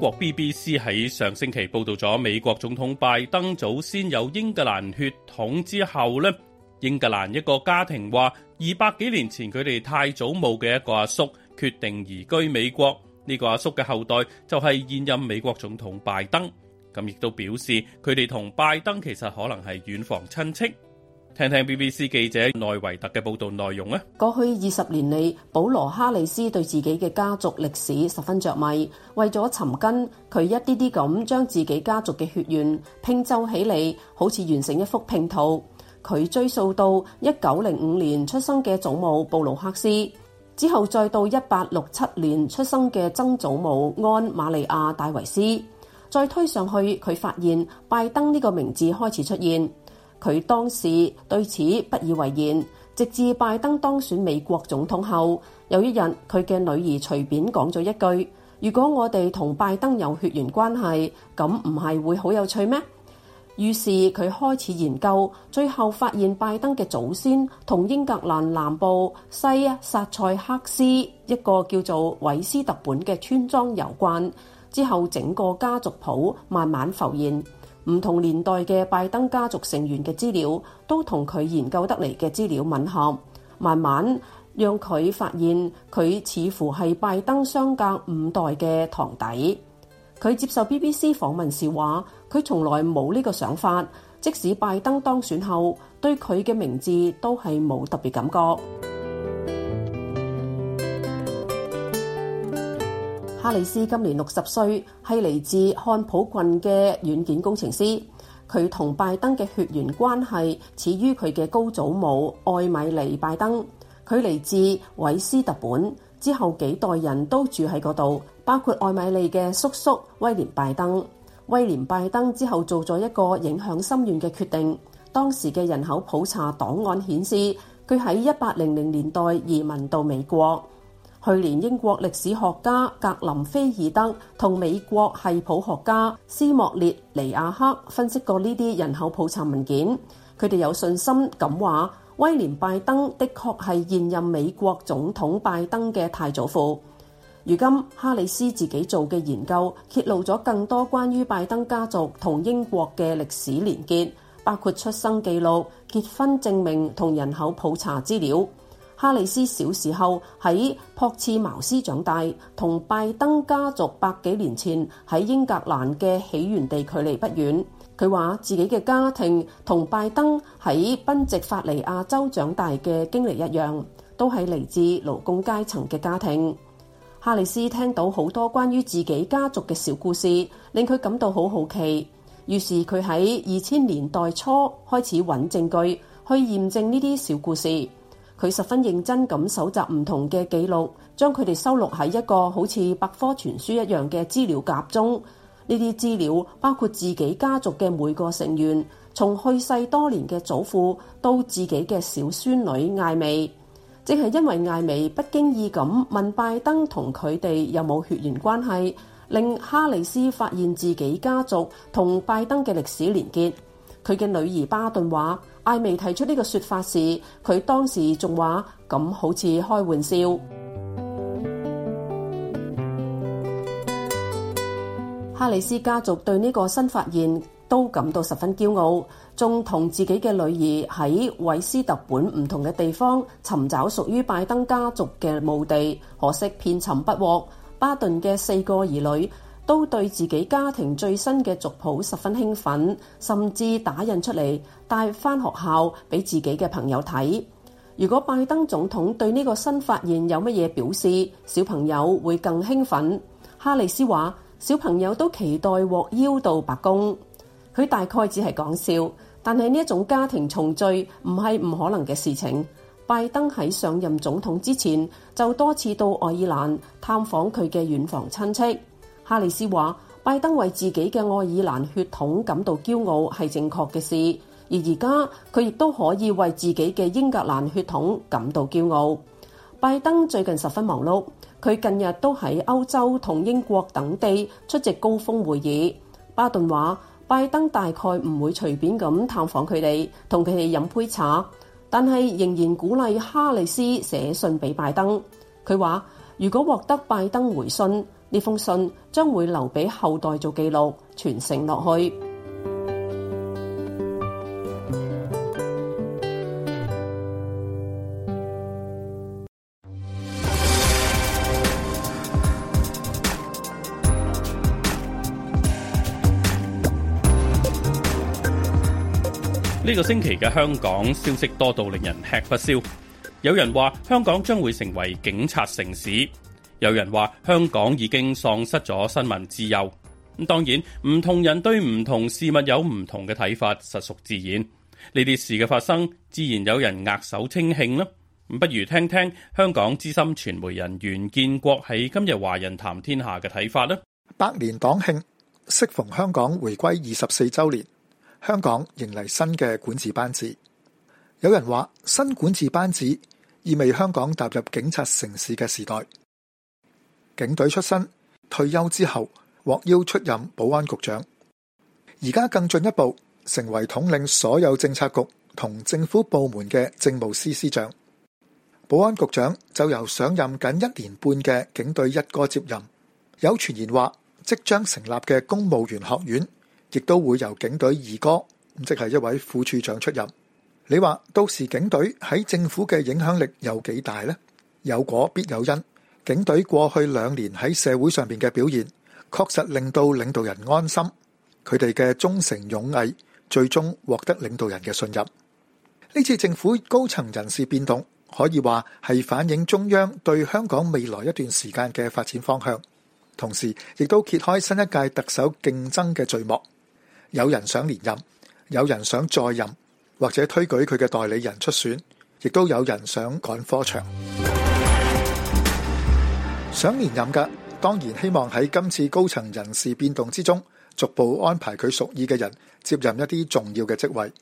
英國 BBC 喺上星期報道咗美國總統拜登祖先有英格蘭血統之後咧，英格蘭一個家庭話，二百幾年前佢哋太祖母嘅一個阿叔,叔決定移居美國，呢個阿叔嘅後代就係現任美國總統拜登，咁亦都表示佢哋同拜登其實可能係遠房親戚。聽聽 BBC 記者奈維特嘅報道內容咧。過去二十年裏，保羅哈里斯對自己嘅家族歷史十分着迷。為咗尋根，佢一啲啲咁將自己家族嘅血緣拼湊起嚟，好似完成一幅拼圖。佢追溯到一九零五年出生嘅祖母布魯克斯，之後再到一八六七年出生嘅曾祖母安瑪利亞戴維斯，再推上去，佢發現拜登呢個名字開始出現。佢當時對此不以為然，直至拜登當選美國總統後，有一日佢嘅女兒隨便講咗一句：如果我哋同拜登有血緣關係，咁唔係會好有趣咩？於是佢開始研究，最後發現拜登嘅祖先同英格蘭南部西薩塞克斯一個叫做韋斯特本嘅村莊有關，之後整個家族譜慢慢浮現。唔同年代嘅拜登家族成員嘅資料，都同佢研究得嚟嘅資料吻合，慢慢讓佢發現佢似乎係拜登相隔五代嘅堂弟。佢接受 BBC 訪問時話，佢從來冇呢個想法，即使拜登當選後，對佢嘅名字都係冇特別感覺。哈里斯今年六十歲，係嚟自漢普郡嘅軟件工程師。佢同拜登嘅血緣關係始於佢嘅高祖母艾米莉拜登。佢嚟自韋斯特本，之後幾代人都住喺嗰度，包括艾米莉嘅叔叔威廉拜登。威廉拜登之後做咗一個影響深遠嘅決定。當時嘅人口普查檔案顯示，佢喺一八零零年代移民到美國。去年英國歷史學家格林菲爾德同美國系譜學家斯莫列尼亞克分析過呢啲人口普查文件，佢哋有信心咁話：威廉拜登的確係現任美國總統拜登嘅太祖父。如今哈里斯自己做嘅研究揭露咗更多關於拜登家族同英國嘅歷史連結，包括出生記錄、結婚證明同人口普查資料。哈里斯小時候喺朴茨茅斯長大，同拜登家族百幾年前喺英格蘭嘅起源地距離不遠。佢話自己嘅家庭同拜登喺賓夕法尼亞州長大嘅經歷一樣，都係嚟自勞工階層嘅家庭。哈里斯聽到好多關於自己家族嘅小故事，令佢感到好好奇，於是佢喺二千年代初開始揾證據去驗證呢啲小故事。佢十分認真咁搜集唔同嘅記錄，將佢哋收錄喺一個好似百科全書一樣嘅資料夾中。呢啲資料包括自己家族嘅每個成員，從去世多年嘅祖父到自己嘅小孫女艾美。正係因為艾美不經意咁問拜登同佢哋有冇血緣關係，令哈里斯發現自己家族同拜登嘅歷史連結，佢嘅女兒巴頓話。艾薇提出呢個說法時，佢當時仲話咁好似開玩笑。 哈里斯家族對呢個新發現都感到十分驕傲，仲同自己嘅女兒喺韋斯特本唔同嘅地方尋找屬於拜登家族嘅墓地，可惜遍尋不獲。巴頓嘅四個兒女。都對自己家庭最新嘅族譜十分興奮，甚至打印出嚟帶翻學校俾自己嘅朋友睇。如果拜登總統對呢個新發現有乜嘢表示，小朋友會更興奮。哈里斯話：小朋友都期待獲邀到白宮。佢大概只係講笑，但係呢一種家庭重聚唔係唔可能嘅事情。拜登喺上任總統之前就多次到愛爾蘭探訪佢嘅遠房親戚。哈里斯話：拜登為自己嘅愛爾蘭血統感到驕傲係正確嘅事，而而家佢亦都可以為自己嘅英格蘭血統感到驕傲。拜登最近十分忙碌，佢近日都喺歐洲同英國等地出席高峰會議。巴頓話：拜登大概唔會隨便咁探訪佢哋，同佢哋飲杯茶，但係仍然鼓勵哈里斯寫信俾拜登。佢話：如果獲得拜登回信。呢封信將會留俾後代做記錄，傳承落去。呢個星期嘅香港消息多到令人吃不消，有人話香港將會成為警察城市。有人話香港已經喪失咗新聞自由。咁當然唔同人對唔同事物有唔同嘅睇法，實屬自然。呢啲事嘅發生，自然有人握手稱慶啦。不如聽聽香港資深傳媒人袁建國喺今日《華人談天下》嘅睇法呢。百年黨慶，適逢香港回歸二十四周年，香港迎嚟新嘅管治班子。有人話新管治班子意味香港踏入警察城市嘅時代。警隊出身，退休之後獲邀出任保安局長，而家更進一步成為統領所有政策局同政府部門嘅政務司司長。保安局長就由上任僅一年半嘅警隊一哥接任，有傳言話即將成立嘅公務員學院亦都會由警隊二哥，即係一位副處長出任。你話到時警隊喺政府嘅影響力有幾大呢？有果必有因。警隊過去兩年喺社會上面嘅表現，確實令到領導人安心，佢哋嘅忠誠勇毅，最終獲得領導人嘅信任。呢次政府高層人事變動，可以話係反映中央對香港未來一段時間嘅發展方向，同時亦都揭開新一屆特首競爭嘅序幕。有人想連任，有人想再任，或者推舉佢嘅代理人出選，亦都有人想趕科場。想連任噶，當然希望喺今次高層人事變動之中，逐步安排佢屬意嘅人接任一啲重要嘅職位。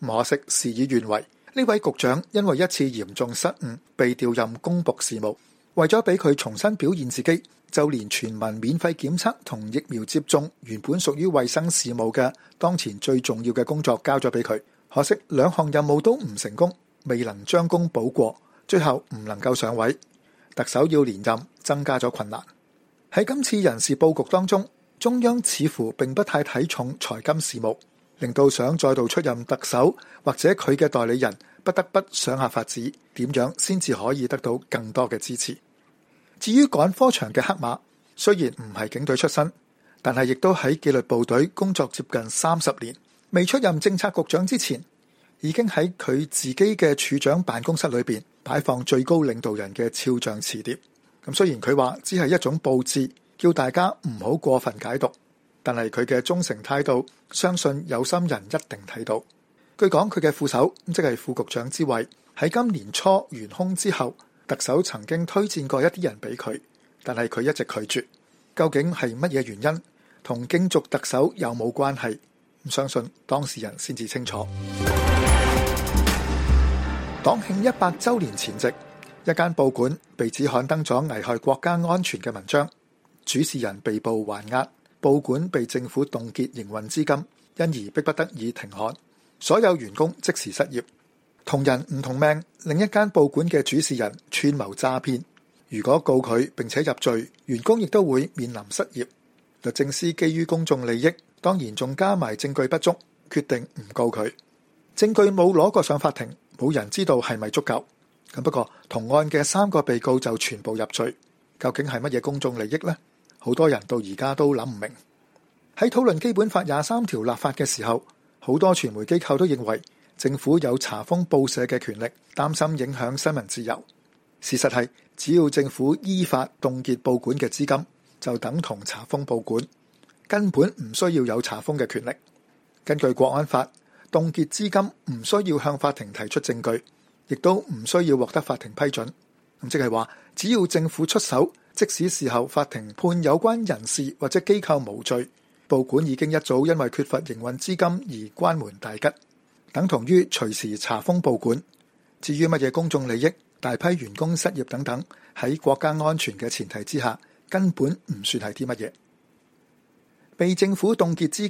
可惜事與願違，呢位局長因為一次嚴重失誤被調任公僕事務，為咗俾佢重新表現自己，就連全民免費檢測同疫苗接種原本屬於衛生事務嘅當前最重要嘅工作交咗俾佢。可惜兩項任務都唔成功，未能將功補過，最後唔能夠上位。特首要連任。增加咗困難，喺今次人事佈局當中，中央似乎並不太睇重財金事務，令到想再度出任特首或者佢嘅代理人，不得不想下法子，點樣先至可以得到更多嘅支持。至於趕科場嘅黑馬，雖然唔係警隊出身，但係亦都喺紀律部隊工作接近三十年。未出任政策局長之前，已經喺佢自己嘅處長辦公室裏邊擺放最高領導人嘅肖像磁碟。咁雖然佢話只係一種佈置，叫大家唔好過分解讀，但係佢嘅忠誠態度，相信有心人一定睇到。據講佢嘅副手，即係副局長之位，喺今年初懸空之後，特首曾經推薦過一啲人俾佢，但係佢一直拒絕。究竟係乜嘢原因，同京族特首有冇關係？唔相信當事人先至清楚。黨慶一百周年前夕。一間報館被指刊登咗危害國家安全嘅文章，主事人被捕還押，報館被政府凍結營運資金，因而迫不得已停刊，所有員工即時失業。同人唔同命，另一間報館嘅主事人串謀詐騙，如果告佢並且入罪，員工亦都會面臨失業。律政司基於公眾利益，當然仲加埋證據不足，決定唔告佢。證據冇攞過上法庭，冇人知道係咪足夠。咁不過同案嘅三個被告就全部入罪。究竟係乜嘢公眾利益呢？好多人到而家都諗唔明。喺討論基本法廿三條立法嘅時候，好多傳媒機構都認為政府有查封報社嘅權力，擔心影響新聞自由。事實係，只要政府依法凍結報館嘅資金，就等同查封報館，根本唔需要有查封嘅權力。根據國安法，凍結資金唔需要向法庭提出證據。亦都唔需要獲得法庭批准，咁即係話，只要政府出手，即使事後法庭判有關人士或者機構無罪，報館已經一早因為缺乏營運資金而關門大吉，等同於隨時查封報館。至於乜嘢公眾利益、大批員工失業等等，喺國家安全嘅前提之下，根本唔算係啲乜嘢。被政府凍結資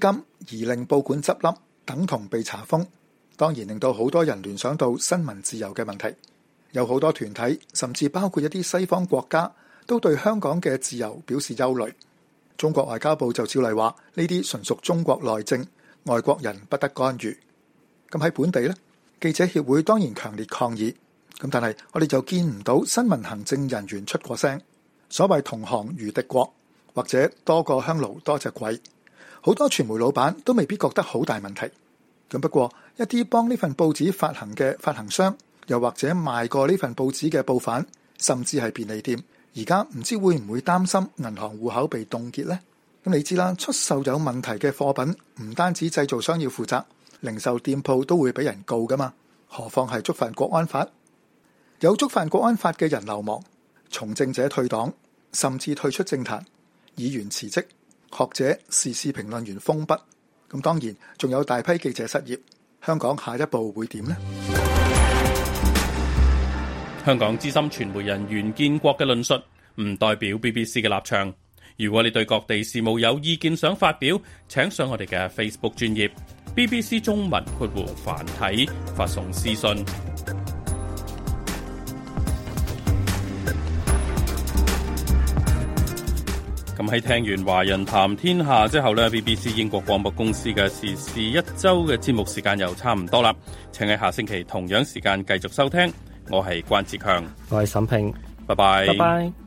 金而令報館執笠，等同被查封。當然令到好多人聯想到新聞自由嘅問題，有好多團體，甚至包括一啲西方國家，都對香港嘅自由表示憂慮。中國外交部就照例話：呢啲純屬中國內政，外國人不得干預。咁喺本地咧，記者協會當然強烈抗議。咁但係我哋就見唔到新聞行政人員出過聲。所謂同行如敵國，或者多個香爐多隻鬼，好多傳媒老闆都未必覺得好大問題。咁不過，一啲幫呢份報紙發行嘅發行商，又或者賣過呢份報紙嘅報販，甚至係便利店，而家唔知會唔會擔心銀行戶口被凍結呢？咁你知啦，出售有問題嘅貨品，唔單止製造商要負責，零售店鋪都會俾人告㗎嘛。何況係觸犯國安法，有觸犯國安法嘅人流亡、從政者退黨，甚至退出政壇，議員辭職，學者時事評論員封筆。咁當然，仲有大批記者失業。香港下一步會點呢？香港資深傳媒人袁建國嘅論述唔代表 BBC 嘅立場。如果你對各地事務有意見想發表，請上我哋嘅 Facebook 專頁 BBC 中文括弧繁體發送私信。咁喺聽完華人談天下之後呢 BBC 英國廣播公司嘅時事一周嘅節目時間又差唔多啦。請喺下星期同樣時間繼續收聽。我係關志強，我係沈平，拜拜 bye，拜拜。